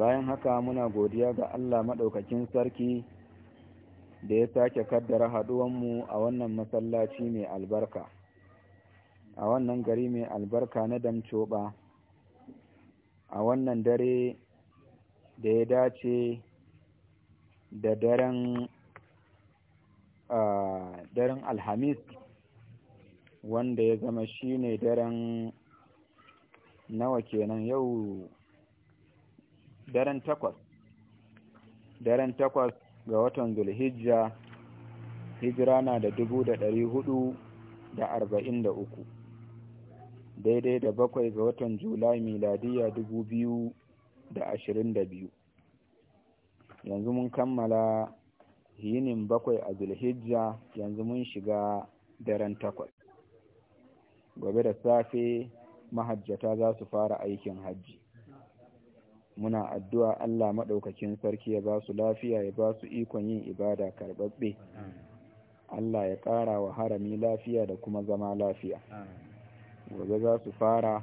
bayan haka muna godiya ga Allah maɗaukakin sarki da ya sake kaddara haɗuwanmu a wannan masallaci mai albarka a wannan gari mai albarka na damcoɓa a wannan dare da ya dace da daren daren alhamis wanda ya zama shi ne daren nawa kenan yau daren takwas daren takwas ga watan zulhijja hijira na da dubu da ɗari hudu da arba'in da uku daidai da bakwai ga watan julai miladiya dubu biyu da ashirin da biyu yanzu mun kammala yinin bakwai a zulhijja yanzu mun shiga daren takwas gobe da safe mahajjata za su fara aikin hajji muna addu'a Allah maɗaukakin sarki ya ba su lafiya ya ba su ikon yin ibada karɓaɓɓe Allah ya ƙara wa harami lafiya da kuma zama lafiya gobe za su fara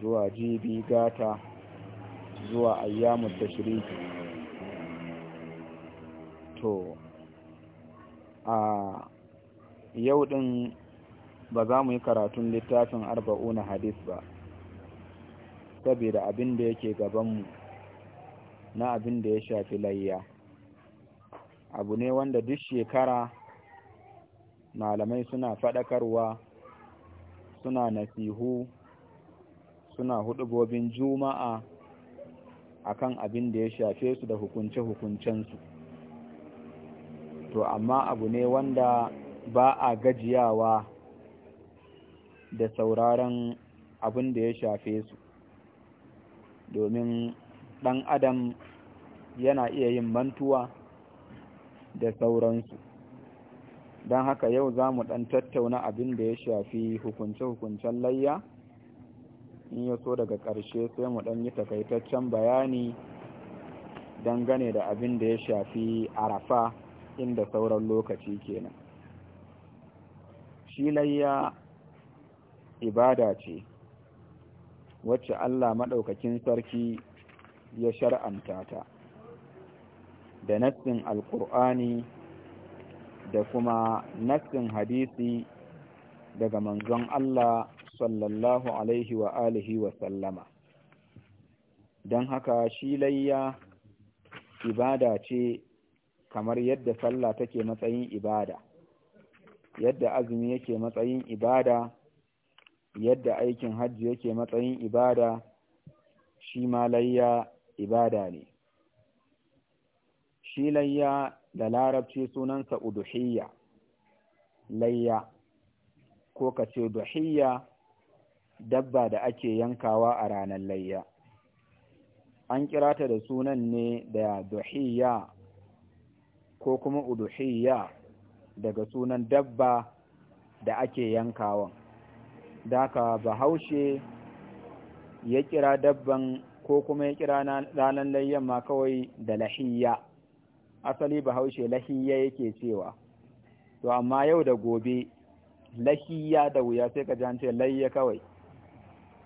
zuwa jibi gata zuwa ayyamun tashiriki to a yau ɗin ba za mu yi karatun littafin arba'u na hadis ba saboda abin da yake gabanmu na abin da ya shafi layya abu ne wanda duk shekara malamai suna faɗakarwa suna nasihu suna hudubobin juma'a akan abin da ya shafe su da hukunce-hukuncensu to amma abu ne wanda ba a gajiyawa da sauraron abin da ya shafe su domin ɗan adam yana iya yin mantuwa da sauransu don haka yau za mu ɗan tattauna abin da ya shafi hukunce-hukuncen layya in ya so daga ƙarshe sai mu ɗan yi takaitaccen bayani dangane da abin da ya shafi arafa inda sauran lokaci kenan shi layya ibada ce wacce Allah maɗaukakin sarki ya shar'anta ta da nassin alƙur'ani da kuma nassin hadisi daga manzon Allah sallallahu alaihi wa alihi wa sallama don haka shi layya ibada ce kamar yadda sallah take matsayin ibada yadda azumi yake matsayin ibada yadda aikin hajji yake matsayin ibada shi ma layya ibada ne shi layya da larabci sunansa uduhiyya layya ko ka ce duhiyya dabba da ake yankawa a ranar layya an kira ta da sunan ne da duhiyya ko kuma uduhiyya daga sunan dabba da ake yankawan da haka bahaushe ya kira dabban ko kuma ya kira ranar layyan ma kawai da lahiyya asali bahaushe lahiyya yake cewa to amma yau da gobe lahiyya da wuya sai ka jance layya kawai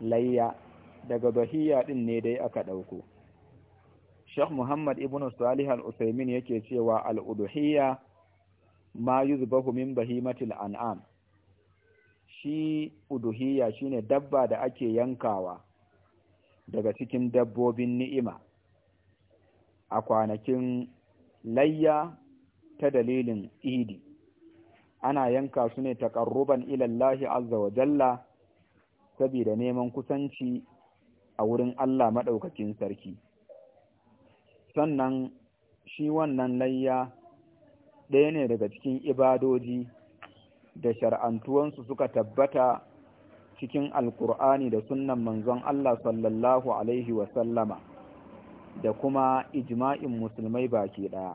layya daga bahiyya din ne dai aka ɗauko Sheikh Muhammad ibn Salih al-Usaimin yake cewa al-uduhiyya ma yuzbahu min bahimatil an'am shi uduhiya shine dabba da ake yankawa daga cikin dabbobin ni'ima a kwanakin layya ta dalilin idi ana yanka su ne taƙarruban ilallahi azza wa jalla saboda neman kusanci a wurin Allah Maɗaukacin sarki sannan shi wannan layya ɗaya ne daga cikin ibadoji da shar'antuwansu suka tabbata cikin alkur'ani da sunnan manzon Allah sallallahu alaihi sallama da kuma ijma'in musulmai baki ɗaya.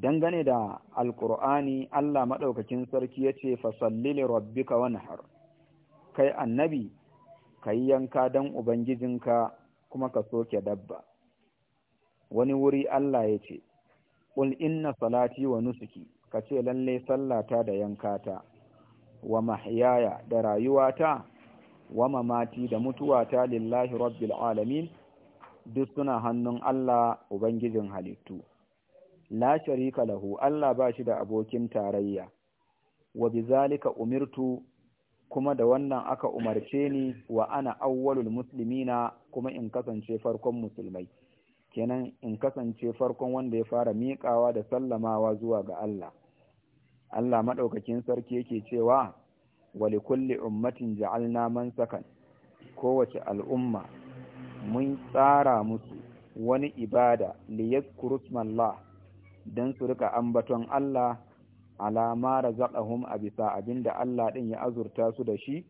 dangane da alkur'ani Allah maɗaukakin sarki ya ce fasallili rabbika wanhar kai annabi ka yi yanka don ubangijinka kuma ka soke dabba wani wuri Allah ya ce ƙul inna salati wa nusuki ka ce lalle sallata da yankata wa mahyaya da rayuwata wa mamati da mutuwata lillahi rabbil alamin duk suna hannun Allah ubangijin halittu la sharika lahu Allah ba shi da abokin tarayya wa bizalika umirtu kuma da wannan aka umarce ni wa ana awwalul muslimina kuma in kasance farkon musulmai kenan in kasance farkon wanda ya fara miƙawa da sallamawa zuwa ga Allah Allah maɗaukakin sarki yake cewa wali kulli ummatin ja'alna man sakan kowace al'umma mun tsara musu wani ibada li yadhkuru Allah dan su rika ambaton Allah alama razaqahum a bisa abinda Allah din ya azurta su da shi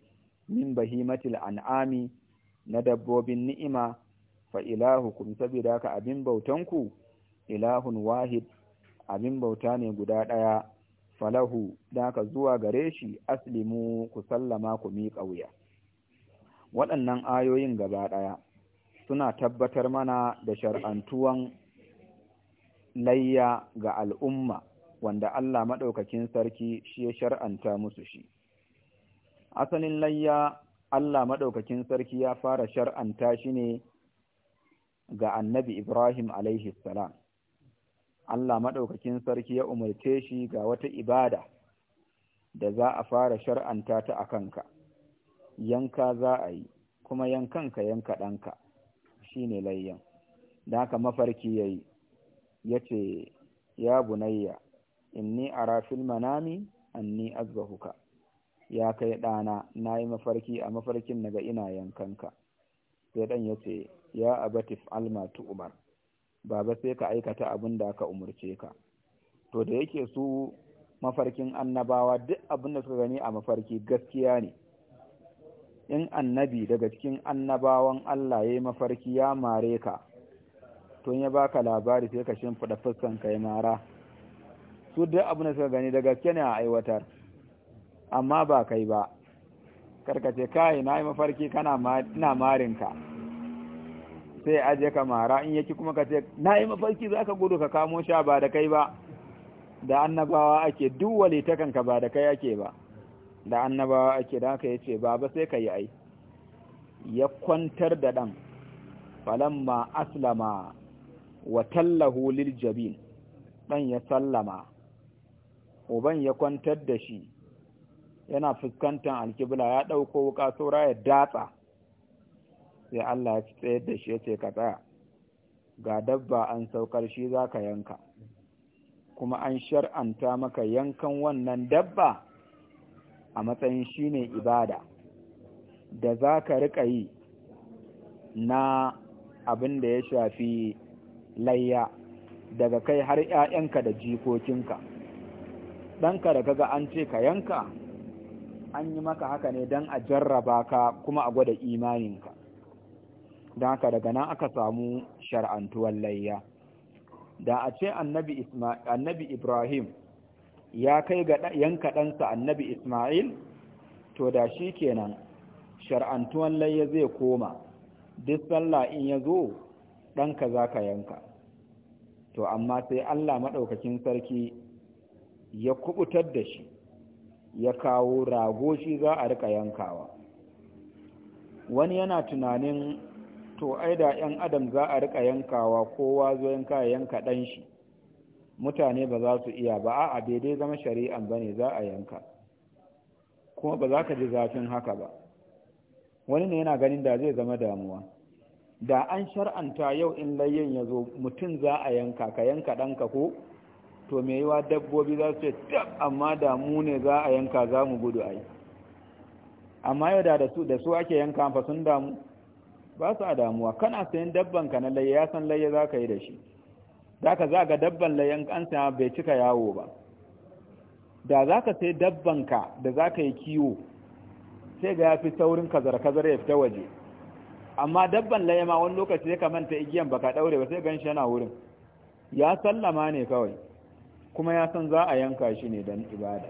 min bahimatil an'ami na dabbobin ni'ima fa ilahukum sabida ka abin bautanku ilahun wahid abin bauta ne guda ɗaya falahu da ka zuwa gare shi aslimu ku sallama ku miƙa wuya waɗannan ayoyin gaba ɗaya suna tabbatar mana da shar'antuwan layya ga al'umma wanda Allah maɗaukakin sarki shi ya shar'anta musu shi. Asalin layya Allah maɗaukakin sarki ya fara shar'anta shi ne ga annabi Ibrahim salam Allah maɗaukakin sarki ya umarce shi ga wata ibada da za a fara shar'anta ta a kanka, yanka za a yi, kuma yankanka yanka ɗanka shi ne layyan, da haka mafarki ya yi, ya ce, Ya bunayya, inni a rafin manami anni azbahuka ya kai ɗana na yi mafarki a mafarkin ga ina yankanka sai ɗan ya ce ya abatif alma tu umar baba sai ka aikata abin da aka umarce ka to da yake su mafarkin annabawa duk abin da suka gani a mafarki gaskiya ne in annabi daga cikin annabawan Allah ya yi mafarki ya mare ka tun ya baka labari sai ka shimfiɗa fuskan ka ya mara su duk abin da suka gani da gaske ne a aiwatar amma ba kai ba karkace kai na yi mafarki kana ina marinka sai aje ka mara in yaki kuma ka ce na yi mafarki za ka gudu ka kamo sha ba da kai ba da annabawa ake duk wale ta ka ba da kai ake ba da annabawa ake da haka yace ce baba sai ka yi ai ya kwantar da dan falamma aslama wa tallahu lil jabin dan ya sallama uban ya kwantar da shi yana fuskantar alkibla ya dauko wuka saura ya datsa sai Allah ya tsayar da shi ya ce ka tsaya ga dabba an saukar shi za ka yanka kuma an shar'anta maka yankan wannan dabba a matsayin shi ne ibada da za ka riƙa yi na abin da ya shafi layya daga kai har ‘ya'yanka da jikokinka ɗanka da kaga an ce ka yanka an yi maka haka ne don a jarraba ka kuma a gwada imaninka don haka daga nan aka samu shar'antuwar layya da a ce annabi ibrahim ya kai ga yanka ɗansa annabi ismail to da shi kenan shar'antuwar layya zai koma duk sallah in ya zo ɗanka za ka yanka to amma sai allah maɗaukakin sarki ya kubutar da shi ya kawo rago shi za a rika yankawa wani yana tunanin to ai da 'yan adam za a rika yankawa kowa zo yanka ya yanka ɗan shi mutane ba za su iya ba a daidai zama shari'an ba ne za a yanka kuma ba za ka ji zafin haka ba wani ne yana ganin da zai zama damuwa da an shar'anta yau in layyan ya zo mutum za a yanka ka yanka ɗanka ko to me yiwa dabbobi za su ce tab amma da mu ne za a yanka za mu gudu ai amma yau da su ake yanka fa sun damu ba su a damuwa kana sayan dabban ka na layya ya san layya za ka yi da shi za ka za ga dabban layyan an bai cika yawo ba da za ka sai dabban ka da za ka yi kiwo sai ga ya fi saurin kazar-kazar ya fita waje amma dabban layya ma wani lokaci ya manta igiyan baka daure ba sai gan shi yana wurin ya sallama ne kawai kuma ya san za a yanka shi ne don ibada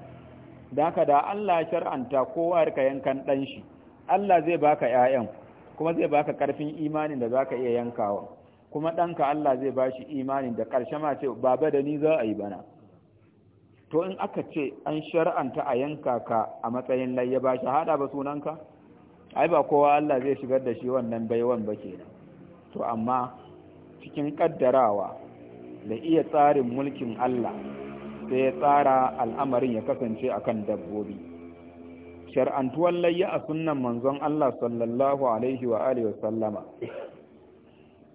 da ka da Allah shar'anta kowa ka yankan ɗan shi Allah zai baka 'ya'yan kuma zai baka karfin imanin da zaka iya yankawa kuma ɗanka Allah zai bashi imanin da ƙarshe ma ce baba da ni za a yi bana to in aka ce an shar'anta a yanka ka a matsayin layya ba shi haɗa ba sunanka ai ba kowa Allah zai shigar da shi wannan baiwan ba kenan to amma cikin kaddarawa da iya tsarin mulkin Allah sai ya tsara al'amarin ya kasance akan dabbobi shar'antuwan layya a sunnan manzon Allah sallallahu alaihi wa alihi sallama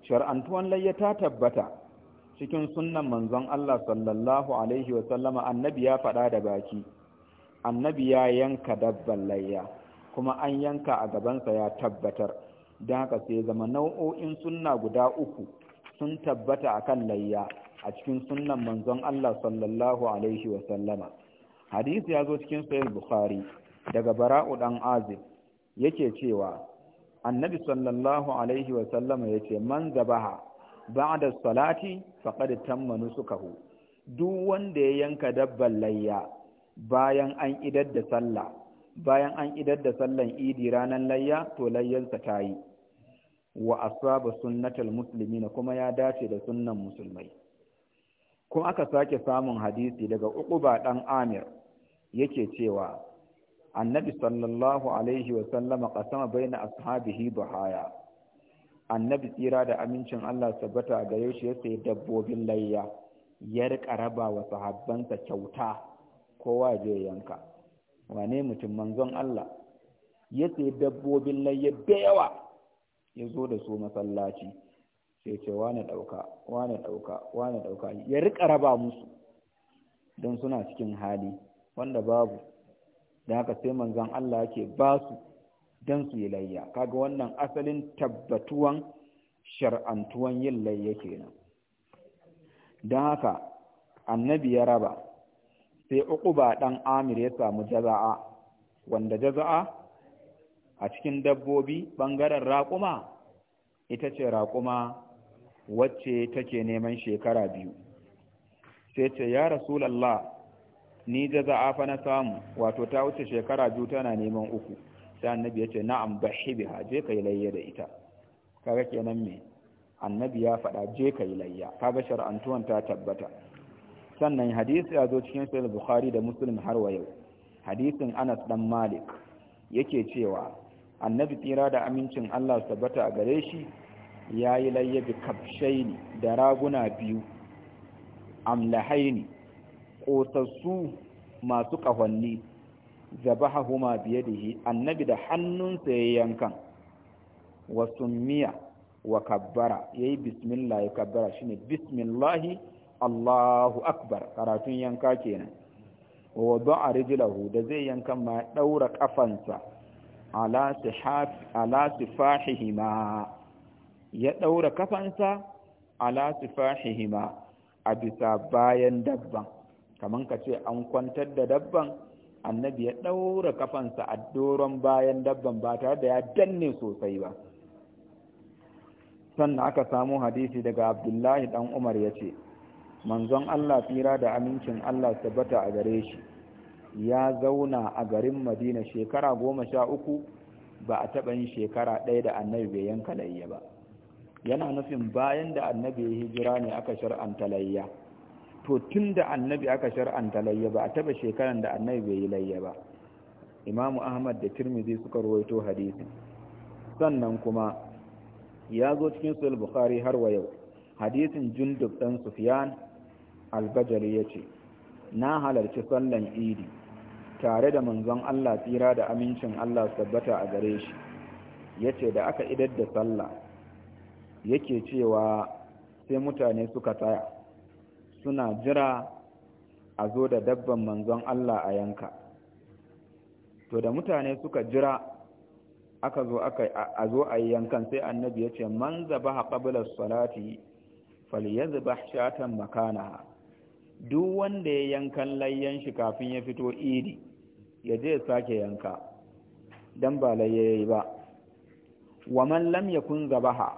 shar'antuwar layya ta tabbata cikin sunnan manzon Allah sallallahu alaihi wa sallama annabi ya faɗa da baki annabi ya yanka dabban layya kuma an yanka a gabansa ya tabbatar don haka sai zama nau'o'in sunna guda uku sun tabbata akan layya a cikin sunnan manzon Allah sallallahu alaihi wa sallama hadisi ya zo cikin sahih bukhari daga bara'u dan azib yake cewa annabi sallallahu alaihi wa sallama yace man zabaha ba'da salati faqad tamma nusukahu duk wanda ya yanka dabban layya bayan an idar da sallah bayan an idar da sallan idi ranar layya to layyansa ta yi wa asaba sunnatal muslimina kuma ya dace da sunnan musulmai kuma aka sake samun hadisi daga uquba ɗan amir yake cewa annabi sallallahu alaihi wa wasallama kasama baina ashabihi duhaya annabi tsira da amincin Allah sabbata ga yau ya sai dabbobin layya ya rika raba wa sahabbansa kyauta kowa je yanka wane mutum manzon Allah ya sai dabbobin layya da yawa ya zo da su masallaci sai ce wane dauka wane dauka wane dauka ya rika raba musu don suna cikin hali wanda babu da haka sai manzon Allah yake ba su don su yi layya kaga wannan asalin tabbatuwan shar'antuwan yin layya kenan don haka annabi ya raba sai uquba dan amir ya samu jaza'a wanda jaza'a a cikin dabbobi bangaren raƙuma ita ce raƙuma wacce take neman shekara biyu sai ce ya rasulallah ni jaza'a fa na samu wato ta wuce shekara biyu tana neman uku sai annabi ya ce na'am bashi biha je kai layya da ita kaga kenan me annabi ya faɗa je kai layya kaga shar'antuwan ta tabbata sannan hadisi ya zo cikin sahih bukhari da muslim har wa yau hadisin anas dan malik yake cewa annabi tsira da amincin Allah tabbata a gare shi yi layya bi kafshaini da raguna biyu amlahaini ƙosassu masu ƙahonni da biyadihi annabi da hannunsa ya yankan Wasu miya wa kabbara yayi bismillah ya kabbara shine bismillahi Allahu akbar karatun yanka kenan wa wada'a rijlahu da zai yankan ma daura kafansa ala sifahihima ya daura kafansa ala sifahihima a bisa bayan dabban kamar ka ce an kwantar da dabban annabi ya ɗaura kafansa a doron bayan dabban ba tare da ya danne sosai ba sannan aka samu hadisi daga abdullahi dan umar ya ce manzon allah tsira da amincin allah tabbata a gare shi ya zauna a garin madina shekara goma sha uku ba a taɓa yin shekara ɗaya da annabi bai yanka layya ba yana nufin bayan da annabi ya hijira ne aka shar'anta layya to tun da annabi aka shar'anta layya ba a taba shekaran da annabi bai yi layya ba imamu ahmad da tirmidhi suka ruwaito hadisi sannan kuma ya zo cikin sul bukhari har wa yau hadisin jundub dan sufyan al-bajali yace na halarci sallan idi tare da manzon Allah tsira da amincin Allah tabbata a gare shi yace da aka idar da sallah yake cewa sai mutane suka tsaya suna jira a zo da dabban manzon Allah a yanka to da mutane suka jira aka zo aka a zo a yankan sai annabi ya ce man zabaha qabla salati falyazbah shatan makanaha duk wanda ya yankan layyan shi kafin ya fito idi ya je ya sake yanka dan ba yayi ba wa man lam yakun zabaha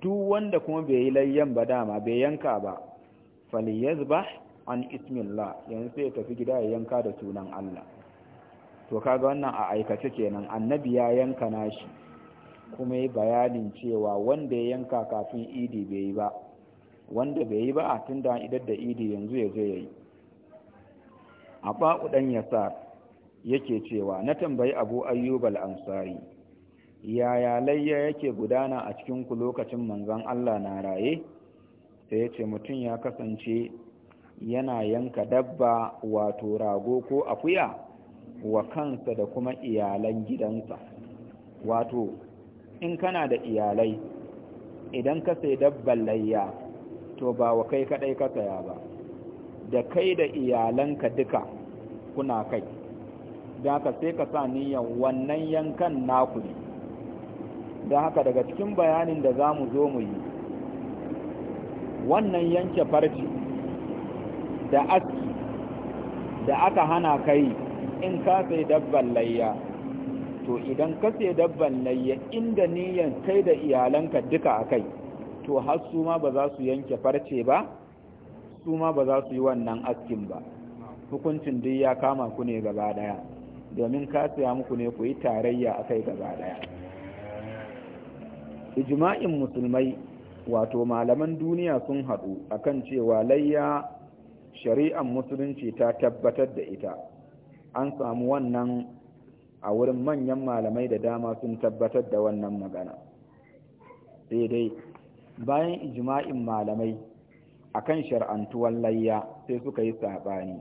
duk wanda kuma bai yi layyan ba dama bai yanka ba falyazbah an ismillah yanzu sai ya tafi gida ya yanka da sunan Allah to kaga wannan a aikace kenan annabi ya yanka nashi kuma yi bayanin cewa wanda ya yanka kafin idi bai yi ba wanda bai yi ba a tun da idar da idi yanzu ya zo ya yi a dan yasa yake cewa na tambayi abu ayyub al-ansari yaya layya yake gudana a cikin ku lokacin manzon Allah na raye sai ya ce mutum ya kasance yana yanka dabba wato rago ko akuya wa kansa da kuma iyalan gidansa wato in kana da iyalai idan ka sai dabban layya to ba wa kai kadai ka saya ba da kai da iyalanka duka kuna kai da haka sai ka sa niyan wannan yankan naku ne da haka daga cikin bayanin da za mu zo mu yi wannan yanke farci da aski da aka hana kai in ka sai dabban layya to idan ka sai dabban layya inda niyan kai da iyalanka duka a kai to har su ma ba za su yanke farce ba su ma ba za su yi wannan askin ba hukuncin duk ya kama ku ne gaba daya domin ka saya muku ne ku yi tarayya a kai gaba daya ijma'in musulmai wato malaman duniya sun haɗu a kan cewa layya shari'an musulunci ta tabbatar da ita an samu wannan a wurin manyan malamai da dama sun tabbatar da wannan magana sai dai bayan ijma'in malamai a kan shar'antuwan layya sai suka yi saɓani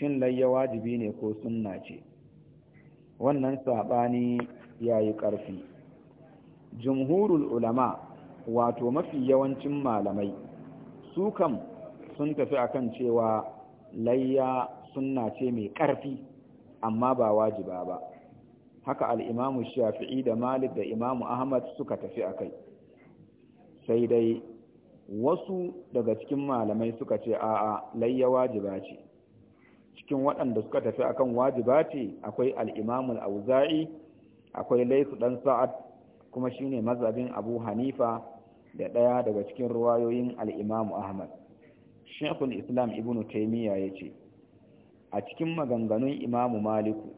shin layya wajibi ne ko sunna ce wannan saɓani ya yi ƙarfi jumhurul ulama wato mafi yawancin malamai su kam sun tafi akan cewa layya sunna ce mai ƙarfi amma ba wajiba ba haka al'imamu shafi'i da malik da imamu ahmad suka tafi a kai sai dai wasu daga cikin malamai suka ce a'a layya wajiba ce cikin waɗanda suka tafi akan wajiba ce akwai Al'imamun auza'i akwai laifu ɗan sa'ad kuma shine mazhabin abu hanifa da ɗaya daga cikin ruwayoyin al'imamu Ahmad. Shekul Islam Ibn Taimiyya ya ce, A cikin maganganun imamu Maliku,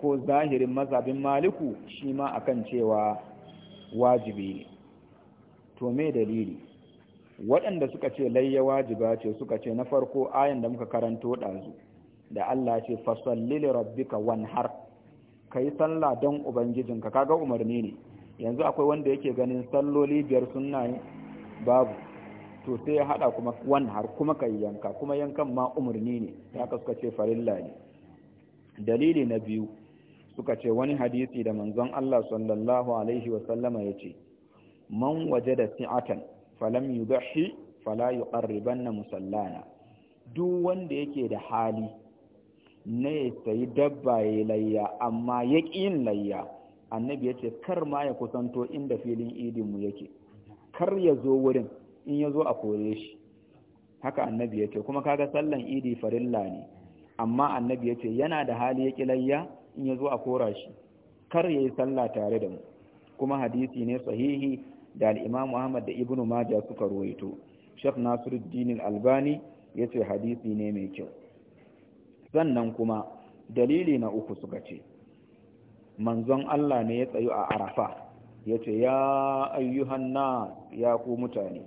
ko zahirin mazabin Maliku shi ma akan cewa wajibi ne. To me dalili? Waɗanda suka ce layya wajiba ce suka ce na farko ayan da muka karanto ɗazu, da Allah ce fasallili rabbika har, ka yi sallah don Ubangijinka, ka ga umarni ne. yanzu akwai wanda yake ganin salloli biyar sunna ne babu to sai ya hada kuma wannan har kuma kai yanka kuma yankan ma umarni ne ya ka suka ce farilla ne dalili na biyu suka ce wani hadisi da manzon Allah sallallahu alaihi wa sallama yace man da si'atan falam bashi, fala yuqarribanna musallana duk wanda yake da hali na ya sayi dabba ya layya amma ya layya annabi ya ce kar ma ya kusanto inda filin idinmu yake kar ya zo wurin in ya zo a kore shi haka annabi ya ce kuma kaga sallan idi farilla ne amma annabi ya ce yana da hali ya kilayya in ya zo a kora shi kar ya yi sallah tare da mu kuma hadisi ne sahihi da alimam ahmad da ibnu maja suka ruwaito shek nasiruddin albani ya ce hadisi ne mai kyau sannan kuma dalili na uku suka ce manzon Allah ne ya tsayu a arafa ya ce ya ayyuhan na ya ku mutane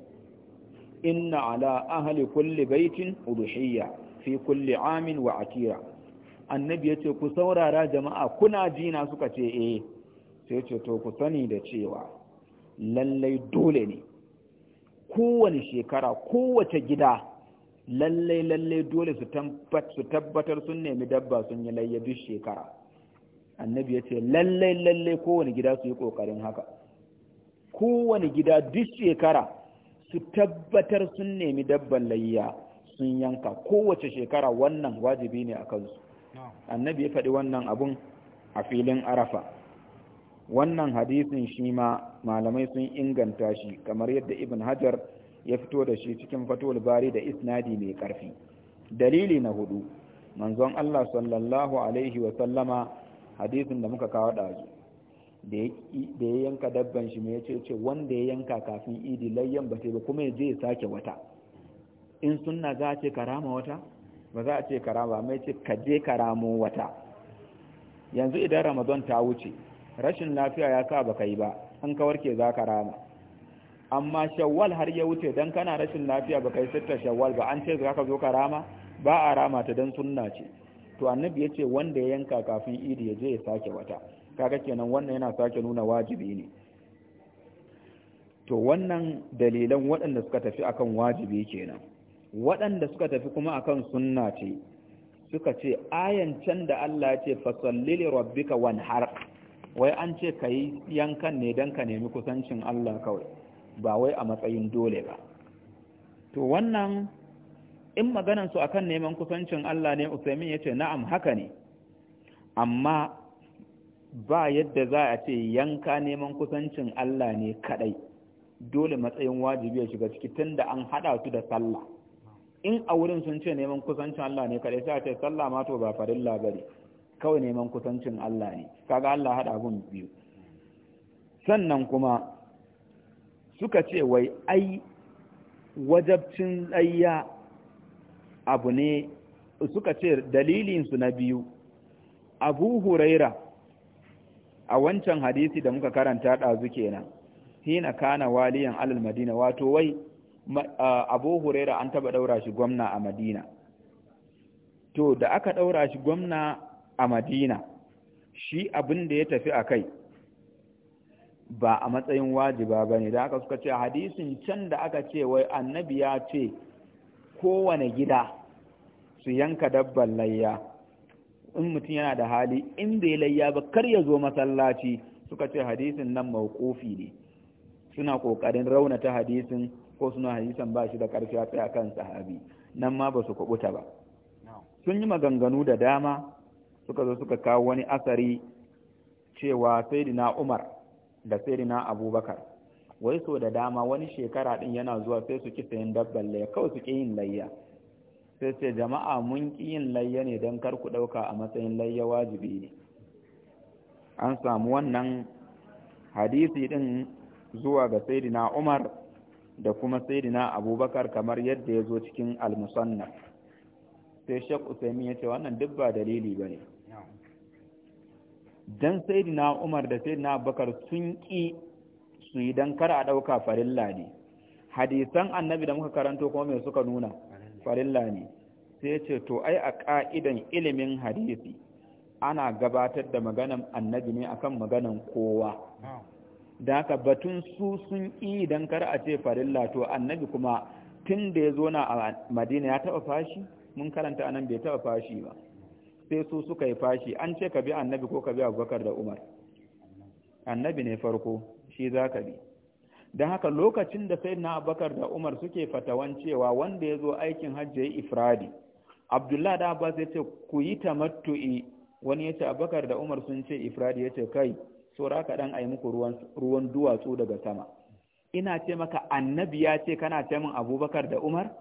inna ala ahli kulli baitin uruhiyya fi kulli amin wa akira annabi ya ce ku saurara jama'a kuna jina suka ce eh sai ce to ku sani da cewa lallai dole ne kowane shekara kowace gida lallai lallai dole su tabbatar sun nemi dabba sun yi layya shekara annabi ya ce lallai lallai kowane gida su yi ƙoƙarin haka kowane gida duk shekara su tabbatar sun nemi dabban layya sun yanka kowace shekara wannan wajibi ne a kansu annabi ya faɗi wannan abun a filin arafa wannan hadisin shi ma malamai sun inganta shi kamar yadda ibn hajar ya fito da shi cikin fatowar bari da isnadi mai ƙarfi dalili na hudu manzon allah sallallahu alaihi wa sallama hadisin da muka kawo ɗazu da ya yanka dabban shi mai ce ce wanda ya yanka kafin idi layyan ba sai ba kuma ya je ya sake wata in sunna za a ce karama wata ba za a ce karama mai ce ka je karamo wata yanzu idan ramadan ta wuce rashin lafiya ya sa baka yi ba an kawar ke za ka rama amma shawwal har ya wuce dan kana rashin lafiya baka yi sittar shawwal ba an ce za ka zo ka rama ba a rama ta dan sunna ce to annabi ya ce wanda ya yanka kafin idi ya je ya sake wata kaga kenan wannan yana sake nuna wajibi ne to wannan dalilan waɗanda suka tafi akan wajibi kenan waɗanda suka tafi kuma akan sunna ce suka ce ayan can da Allah ya ce fasalli li rabbika wanhar wai an ce kai yankan ne dan ka nemi kusancin Allah kawai ba wai a matsayin dole ba to wannan in maganan su akan neman kusancin Allah ne Usaimin yace na'am haka ne amma ba yadda za a ce yanka neman kusancin Allah ne kadai dole matsayin wajibi ya shiga ciki tunda an hada su da sallah in a wurin sun ce neman kusancin Allah ne kadai sai a ce sallah ma to ba farilla bane kawai neman kusancin Allah ne kaga Allah hada gun biyu sannan kuma suka ce wai ai wajabcin tsayya abu ne suka ce dalilinsu na biyu abu huraira a wancan hadisi da muka karanta ɗazu kenan hina kana waliyan alal madina wato wai abu huraira an taba ɗaura shi gwamna a madina to da aka ɗaura shi gwamna a madina shi abin da ya tafi a kai ba a matsayin wajiba ba ne da aka suka ce hadisin can da aka ce wai annabi ya ce kowane gida su yanka dabban layya in mutum yana da hali in bai layya ba kar ya zo masallaci suka ce hadisin nan mawqufi ne suna kokarin raunata hadisin ko suna hadisan ba shi da karfi a tsaya kan sahabi nan ma ba su kubuta ba sun yi maganganu da dama suka zo suka kawo wani asari cewa saidina Umar da saidina Abubakar wai so da dama wani shekara din yana zuwa sai su ki sayan dabbar layya kawai su ki yin layya sai ce jama'a mun ki yin layya ne don kar ku ɗauka a matsayin layya wajibi ne an samu wannan hadisi din zuwa ga saidina Umar da kuma saidina Abubakar kamar yadda ya zo cikin almusanna sai shek usaimi ya ce wannan duk ba dalili ba ne dan saidina Umar da saidina Abubakar sun ki su yi don kar a ɗauka farilla ne hadisan annabi da muka karanto kuma mai suka nuna farilla ne sai ce to ai a ƙa'idan ilimin hadisi ana gabatar da maganan annabi ne akan maganan kowa da haka batun su sun yi don kar a ce farilla to annabi kuma tun da ya zo na a madina ya taɓa fashi mun karanta anan bai taɓa fashi ba sai su suka yi fashi an ce ka bi annabi ko ka bi abubakar da umar annabi ne farko shi za ka bi don haka lokacin da sai na abakar da umar suke fatawan cewa wanda ya zo aikin hajji ya yi ifradi abdullahi da abbas ya ce ku yi tamattu'i wani ya ce abakar da umar sun ce ifradi ya ce kai saura ka dan ayi muku ruwan duwatsu daga sama ina ce maka annabi ya ce kana ce min abubakar da umar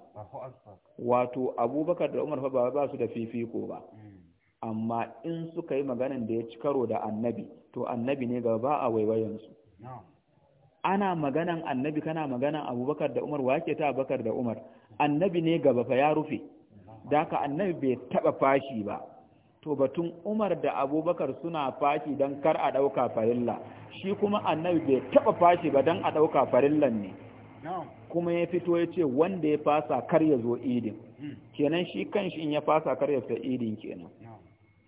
wato abubakar da umar fa ba ba su da fifiko ba hmm. amma in suka yi maganan da ya ci karo da annabi to annabi ne ga ba a waiwayensu ana maganan annabi kana maganan abubakar da umar wake ta abubakar da umar annabi ne gaba fa ya rufe daka annabi bai taba fashi ba to batun umar da abubakar suna fashi don kar a ɗauka farilla shi kuma annabi bai taba fashi ba don a ɗauka farillan ne kuma ya fito ya ce wanda ya fasa kar ya zo idin hmm. kenan shi shi in ya fasa kar ya fita idin kenan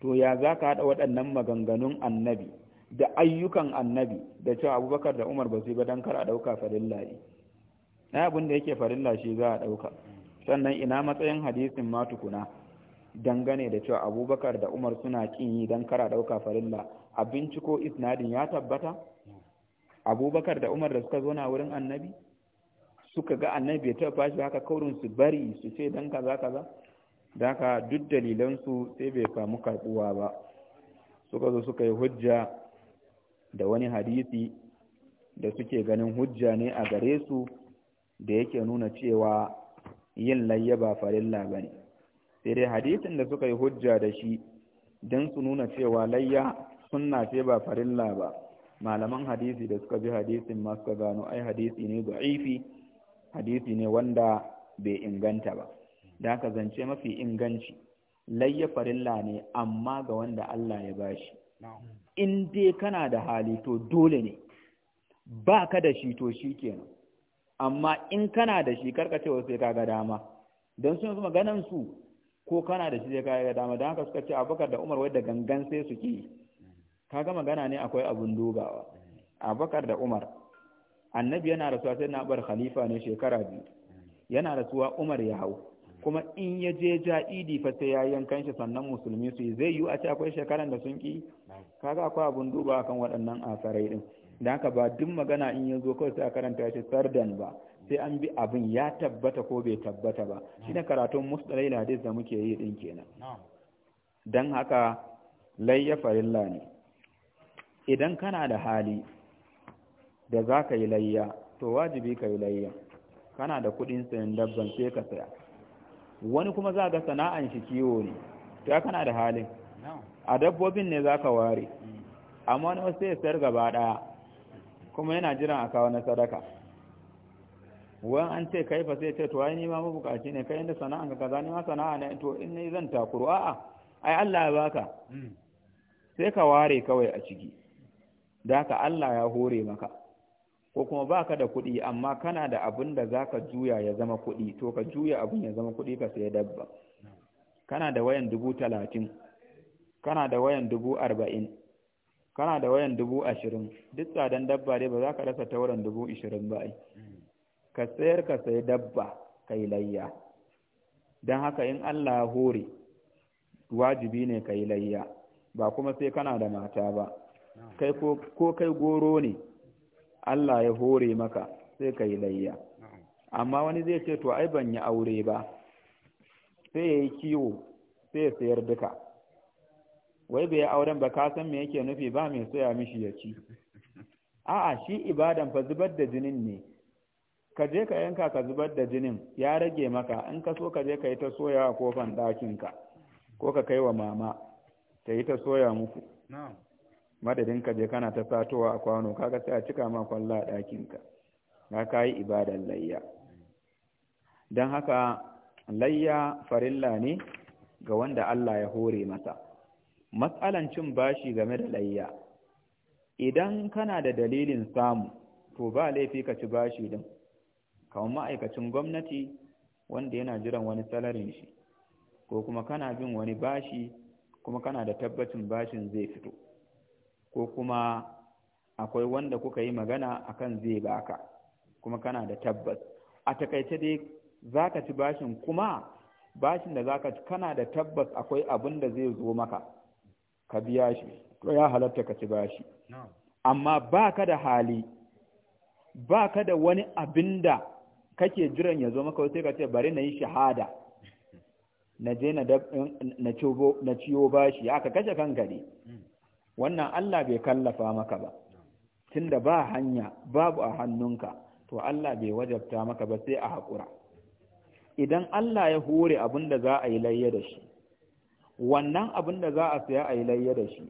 to ya za ka haɗa waɗannan maganganun annabi da ayyukan annabi da cewa abubakar da umar ba su yi ba don kar a ɗauka farilla yi na abin da yake farilla shi za a ɗauka sannan ina matsayin hadisin ma tukuna dangane da cewa abubakar da umar suna kin yi don kar a ɗauka farilla a binciko isnadin ya tabbata abubakar da umar da suka zo na wurin annabi suka ga annabi ya taba shi haka kaurin su bari su ce don kaza kaza da haka duk dalilansu sai bai samu karɓuwa ba suka zo suka yi hujja da wani hadisi da suke ganin hujja ne a gare su da yake nuna cewa yin layya ba farilla ba ne sai dai hadisin da suka yi hujja da shi don su nuna cewa layya sunna ce ba farilla ba malaman hadisi da suka bi hadisin ma suka gano ai hadisi ne da'ifi hadisi ne wanda bai inganta ba da ka zance mafi inganci layya farilla ne amma ga wanda Allah ya bashi in dai kana da hali to dole ne ba ka da shi to shi kenan amma in kana da shi karka cewa sai ka ga dama don suna su maganan su ko kana da shi sai ka ga dama don haka suka ce abubakar da umar wadda gangan sai su Ka kaga magana ne akwai abun dogawa abubakar da umar annabi yana rasuwa sai na bar khalifa ne shekara biyu yana rasuwa umar ya hau kuma in ya je ja'idi fa sai ya yankan shi sannan musulmi su yi zai yi a ce akwai shekaran da sun ki kaga akwai abun duba akan waɗannan asarai din da haka ba duk magana in ya zo kawai sai a karanta shi sardan ba sai an bi abin ya tabbata ko bai tabbata ba shine karatun musdalai hadis da muke yi din kenan dan haka layya farilla ne idan kana da hali da za ka yi layya to wajibi ka yi layya kana da kuɗin sayan dabban sai ka saya wani kuma za ga sana'an shi kiwo ne to ya kana da halin a dabbobin ne za ka ware mm. amma wani wasu ya sayar gaba ɗaya kuma yana jiran a kawo na sadaka wani an ce kai fa sai ce to ai nima mabukaci ne kai inda sana'an ka kaza nima sana'a ne to in ni zan takuru a'a ai Allah ya baka mm. sai ka ware kawai a ciki da ka Allah ya hore maka ko kuma baka da kuɗi amma kana da abin da za ka juya ya zama kuɗi to ka juya abin ya zama kuɗi ka saya dabba kana da wayan dubu talatin kana da wayan dubu arba'in kana da wayan dubu ashirin duk tsadan dabba dai ba za ka rasa tauran dubu ashirin ba ka sayar ka sayi dabba ka yi layya don haka in Allah ya hore wajibi ne ka yi layya ba kuma sai kana da mata ba kai ko kai goro ne Allah ya hore maka sai ka yi layya amma wani zai ce to ai ban yi aure ba sai ya yi kiwo sai ya sayar duka wai bai auren ba ka san me yake nufi ba mai soya mishi ya ci a'a shi ibadan fa zubar da jinin ne ka je ka yanka ka zubar da jinin ya rage maka in ka so ka je ka yi ta soya kofan ɗakinka ko ka kai wa mama ta yi ta soya muku madadin ka je kana ta satowa a kwano kaga sai a cika ma kwalla a ɗakin ka ka kai ibadan layya dan haka layya farilla ne ga wanda Allah ya hore masa matsalan cin bashi game da layya idan kana da dalilin samu to ba laifi ka ci bashi din kamar ma'aikacin gwamnati wanda yana jiran wani salarin shi ko kuma kana bin wani bashi kuma kana da tabbacin bashin zai fito ko kuma akwai wanda kuka yi magana akan zai baka kuma kana da tabbas a takaice dai za ka ci bashin kuma bashin da za ka ci kana da tabbas akwai abin da zai zo maka ka biya shi to ya halatta ka ci bashi amma ba ka da hali ba ka da wani abin da kake jiran ya zo maka sai ka ce bari na yi shahada na je na ciwo bashi aka kashe kanka ne mm. wannan Allah bai kallafa maka ba tunda ba hanya babu a hannunka to Allah bai wajabta maka ba sai a haƙura idan Allah ya hore abin da za a yi layya da shi wannan abin da za a saya a yi layya da shi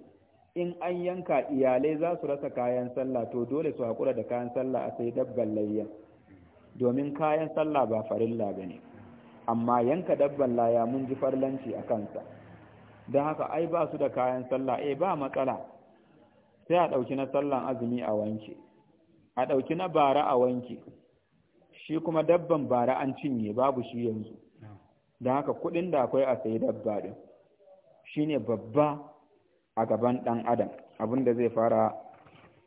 in an yanka iyalai za su rasa kayan sallah to dole su haƙura da kayan sallah a sai dabban layya domin kayan sallah ba farilla ba ne amma yanka dabban laya mun ji farlanci a kansa don haka ai ba su da kayan sallah eh ba matsala sai a ɗauki na sallan azumi a wanke a ɗauki na bara a wanke shi kuma dabban bara an cinye babu shi yanzu don haka kuɗin da akwai a sayi dabba ɗin shine babba a gaban ɗan adam abin da zai fara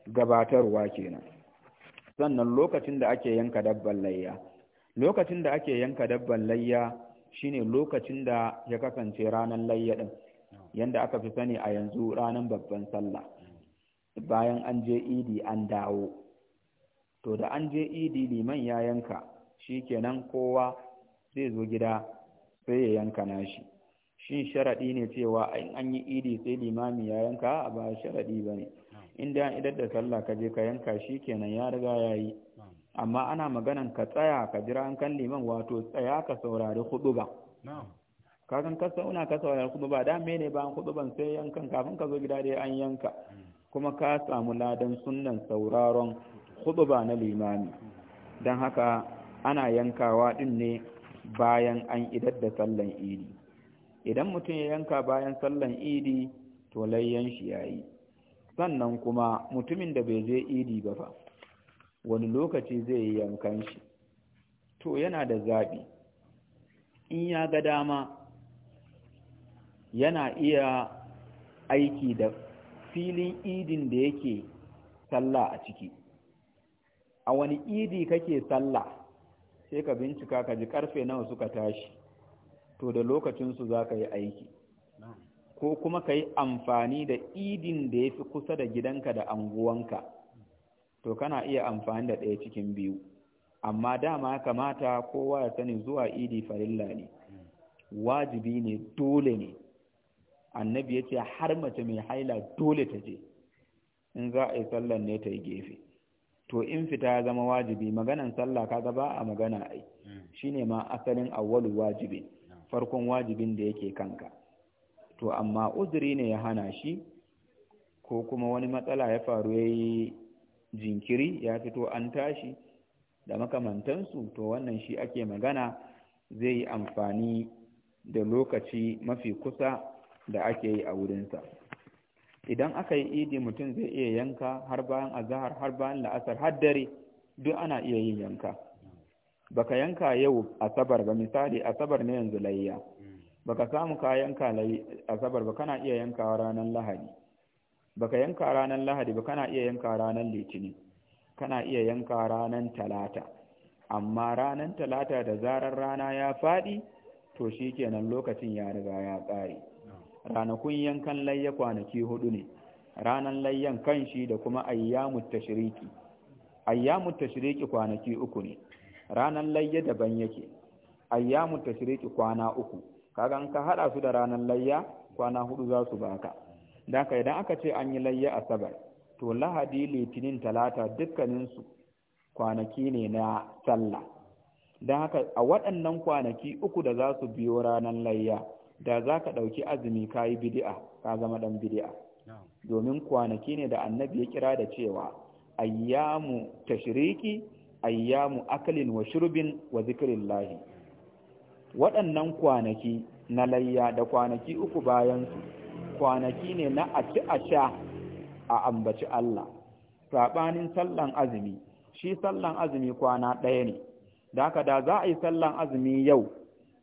gabatarwa kenan sannan lokacin da ake yanka dabban layya lokacin da ake yanka dabban layya shine lokacin da ya kasance ranar layya ɗin yanda aka fi sani a yanzu ranar babban sallah bayan an je idi an dawo to da an je idi liman ya yanka shikenan kowa zai zo gida sai ya yanka nashi shin sharaɗi ne cewa in an yi idi sai limami ya yanka a ba sharaɗi ba ne inda idar da sallah ka je ka yanka shi kenan ya riga ya yi amma ana maganan ka tsaya ka jira an kan liman wato tsaya ka saurari hudu ba kakan kasa una kasa saurari kuma ba dame ne ba an kudu ban sai yankan kafin ka zo gida dai an yanka kuma ka samu ladan sunnan sauraron ba na limami don haka ana yankawa din ne bayan an idar da sallan idi idan mutum ya yanka bayan sallan idi to layyan shi yayi sannan kuma mutumin da bai je idi ba fa wani lokaci zai yi yankan shi to yana da zaɓi in ya ga dama yana iya aiki da filin idin da yake sallah a ciki a wani idi kake sallah sai ka bincika ka ji karfe nawa suka tashi to da lokacinsu za ka yi aiki ko kuma ka yi amfani da idin da ya fi kusa da gidanka da anguwanka to kana iya amfani da ɗaya cikin biyu amma dama kamata kowa ya sani zuwa idi farilla ne wajibi ne dole ne annabi ya ce har mace mai haila dole ta je in za a yi sallar ne ta yi gefe to in fita ya zama wajibi maganan sallah kaga ba a magana ai hmm. shine ma asalin awwalu wajibi hmm. farkon wajibin da yake kanka to amma uzuri ne ya hana shi ko kuma wani matsala ya faru ya yi jinkiri ya fito an tashi da makamantansu to wannan shi ake magana zai yi amfani da lokaci mafi kusa da ake yi a wurinsa idan aka yi idi mutum zai iya yanka har bayan azahar har bayan la'asar har dare duk ana iya yin yanka baka yanka yau asabar ba misali asabar ne yanzu layya baka samu ka yanka asabar ba kana iya yankawa ranar lahadi baka yanka ranar lahadi ba kana iya yanka ranar litinin kana iya yanka ranar talata amma ranar talata da zarar rana ya faɗi to shi kenan lokacin ya riga ya tsare ranakun yankan layya kwanaki hudu ne ranan layyan kanshi da kuma ayyamut tashriki ayyamut tashriki kwanaki uku ne ranan layya daban yake ayyamut tashriki kwana uku kaga an ka hada su da ranan layya kwana hudu za su baka dan ka idan aka ce an yi layya asabar to lahadi litinin talata dukkaninsu kwanaki ne na sallah dan haka a waɗannan kwanaki uku da za su biyo ranan layya da za ka ɗauki azumi ka yi bidi'a ka zama ɗan bidi'a domin kwanaki ne da annabi ya kira da cewa ayyamu tashriki ayyamu akalin wa shurbin wa zikirin lahi waɗannan kwanaki na layya da kwanaki uku bayansu kwanaki ne na a ci a sha a ambaci Allah saɓanin sallan azumi shi sallan azumi kwana ɗaya ne da haka da za a yi sallan azumi yau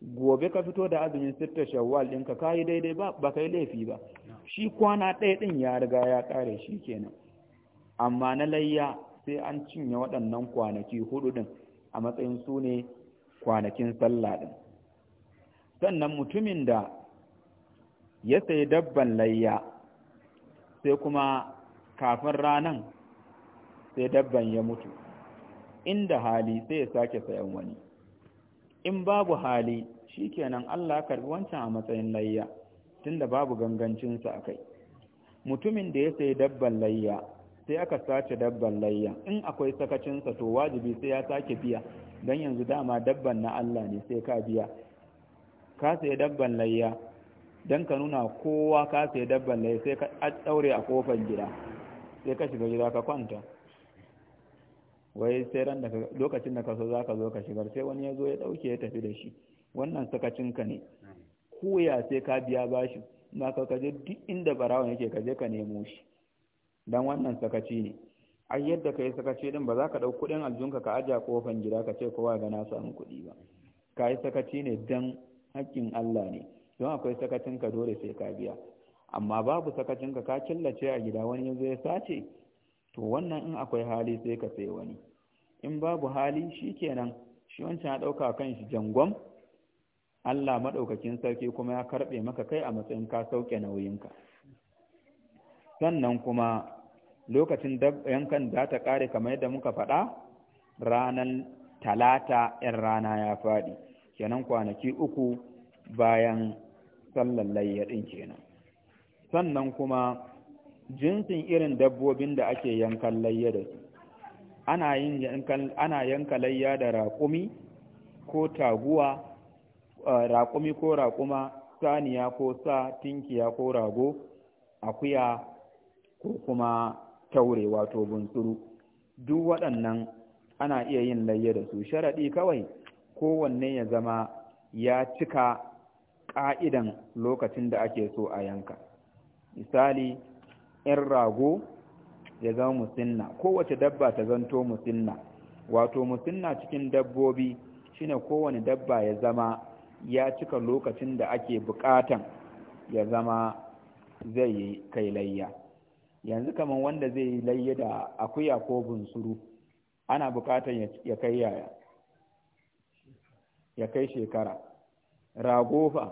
gobe ka fito da azumin sittar shawwal ɗinka ka yi daidai ba ba kai laifi ba shi kwana ɗaya ɗin ya riga ya ƙare shi kenan amma na layya sai an cinye waɗannan kwanaki hudu ɗin a matsayin su ne kwanakin sallah ɗin sannan mutumin da ya sayi dabban layya sai kuma kafin ranan sai dabban ya mutu inda hali sai ya sake sayan wani in babu hali shi kenan Allah karbi wancan a matsayin layya tunda babu gangancinsa a kai mutumin da ya sayi dabban layya sai aka sace dabban layya in akwai sakacinsa to wajibi sai ya sake biya don yanzu dama dabban na Allah ne sai ka biya ka sayi dabban layya don ka nuna kowa ka sayi dabban layya sai ka daure a kofar gida sai ka shiga gida ka kwanta wai sai ran da lokacin da ka so zaka zo ka shigar sai wani ya zo ya dauke ya tafi da shi wannan sakacin ka ne koya sai ka biya bashi na ka kaje duk inda barawon yake ka je ka nemo shi dan wannan sakaci ne ai yadda kai sakaci din ba za ka dau kudin aljunka ka aja kofan gida ka ce kowa ga na samu kudi ba kai sakaci ne dan hakkin Allah ne don akwai sakacin ka dole sai ka biya amma babu sakacin ka ka killace a gida wani yazo ya sace to wannan in akwai hali sai ka sai wani in babu hali shi kenan shi wancan ya ɗauka kan shi jangon Allah maɗaukakin sarki kuma ya karɓe maka kai a matsayin ka sauke nauyinka sannan kuma lokacin yankan za ta kare kamar yadda muka faɗa ranar talata ‘yan rana ya faɗi kenan kwanaki uku bayan sallan ya ɗin kenan sannan kuma jinsin irin dabbobin da ake yankan layya da su ana yanka layya da raƙumi ko taguwa raƙumi ko raƙuma saniya ko sa tinkiya ko rago akuya ko kuma taure wato bunsuru duk waɗannan ana iya yin layya da su sharaɗi kawai kowanne ya zama ya cika ƙa'idan lokacin da ake so a yanka misali 'yan rago ya zama musinna kowace dabba ta zanto musinna wato musinna cikin dabbobi shine kowane dabba ya zama ya cika lokacin da ake bukatan ya zama zai yi kai layya yanzu kamar wanda zai yi layya da akuya ko bunsuru ana bukatan ya kai yaya ya kai shekara ragofa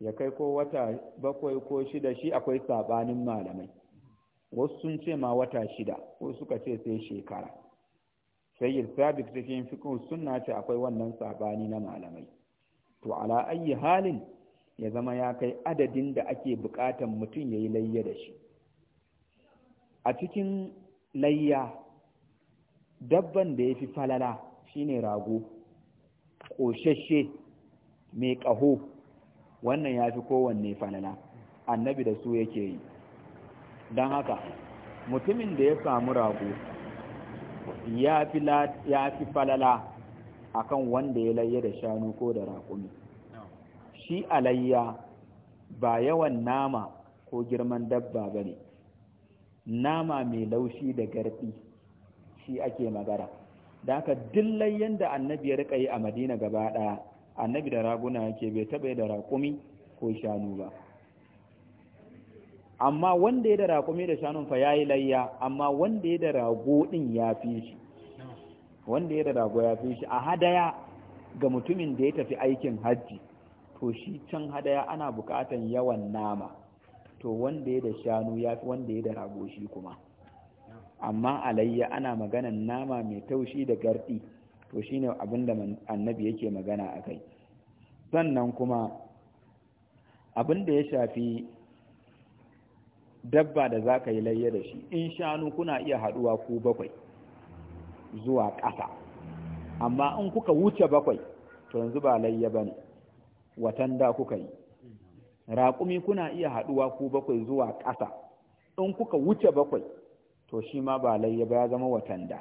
ya kai ko wata bakwai ko shida shi akwai sabanin malamai wasu sun ce ma wata shida ko suka ce sai shekara sai sabit cikin fiqh sunna ce akwai wannan sabani na malamai to ala ayi halin ya zama ya kai adadin da ake bukatan mutum ya yi layya da shi a cikin layya dabban da ya fi falala shine rago ƙoshashe mai ƙaho wannan ya fi kowanne falala annabi da su yake yi don haka mutumin da ya samu rago ya fi falala akan wanda ya layya da shanu ko da raƙumi shi alayya ba yawan nama ko girman dabba ba ne nama mai laushi da garɗi shi ake magana da haka dillayen da annabi ya rika yi a madina gaba ɗaya annabi da raguna yake bai taɓa da raƙumi ko shanu ba amma wanda ya da raƙumi da shanu fa ya yi layya amma wanda ya da rago ɗin ya fi shi wanda ya da rago ya fi shi a hadaya ga mutumin da ya tafi aikin hajji to shi can hadaya ana buƙatan yawan nama to wanda ya da shanu ya fi wanda ya da rago shi kuma amma alayya ana maganan nama mai taushi da garɗi to shine abin da annabi yake magana a kai sannan kuma abin da ya shafi dabba da za ka yi layya da shi in shanu kuna iya haɗuwa ku bakwai zuwa ƙasa amma in kuka wuce bakwai to yanzu ba layya ba ne watan da kuka yi raƙumi kuna iya haɗuwa ku bakwai zuwa ƙasa in kuka wuce bakwai to shi ma ba layya ba ya zama watan da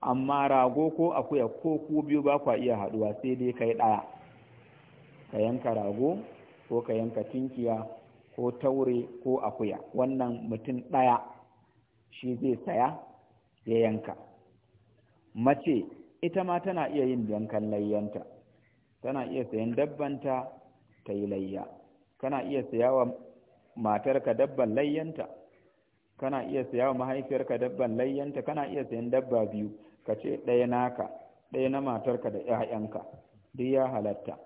amma rago ko akuya ko ku biyu ba kwa iya haduwa sai dai kai ɗaya ka yanka rago ko ka yanka tinkiya ko taure ko akuya wannan mutum ɗaya shi zai saya ya yanka mace ita ma tana iya yin yankan layyanta tana iya sayan dabbanta ta yi layya kana iya saya wa matarka dabban layyanta kana iya saya wa mahaifiyarka dabban layyanta kana iya sayan dabba biyu ka ce ɗaya naka ɗaya na matarka da ‘ya'yanka duk ya halatta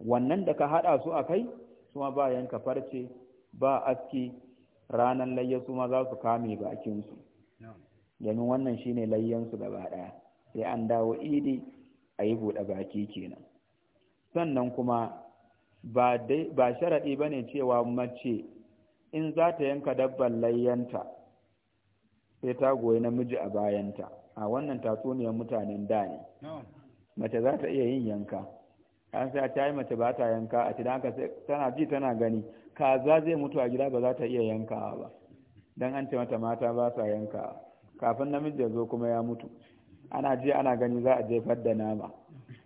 wannan da ka haɗa su a kai su ma ba yanka farce ba aski ranar layya su ma za su kame bakinsu domin wannan shine layyansu gaba ɗaya sai an dawo idi a yi buɗe baki kenan sannan kuma ba sharaɗi ba ne cewa mace in za ta yanka dabban layyanta sai ta goyi namiji a bayanta a wannan tatsuniyar mutanen da ne mace za ta iya yin yanka an sai ta yi mace ba ta yanka a cikin haka tana ji tana gani kaza zai mutu a gida ba za ta iya yankawa ba don an ce mata mata ba sa yanka kafin namiji ya zo kuma ya mutu ana ji ana gani za a jefar da nama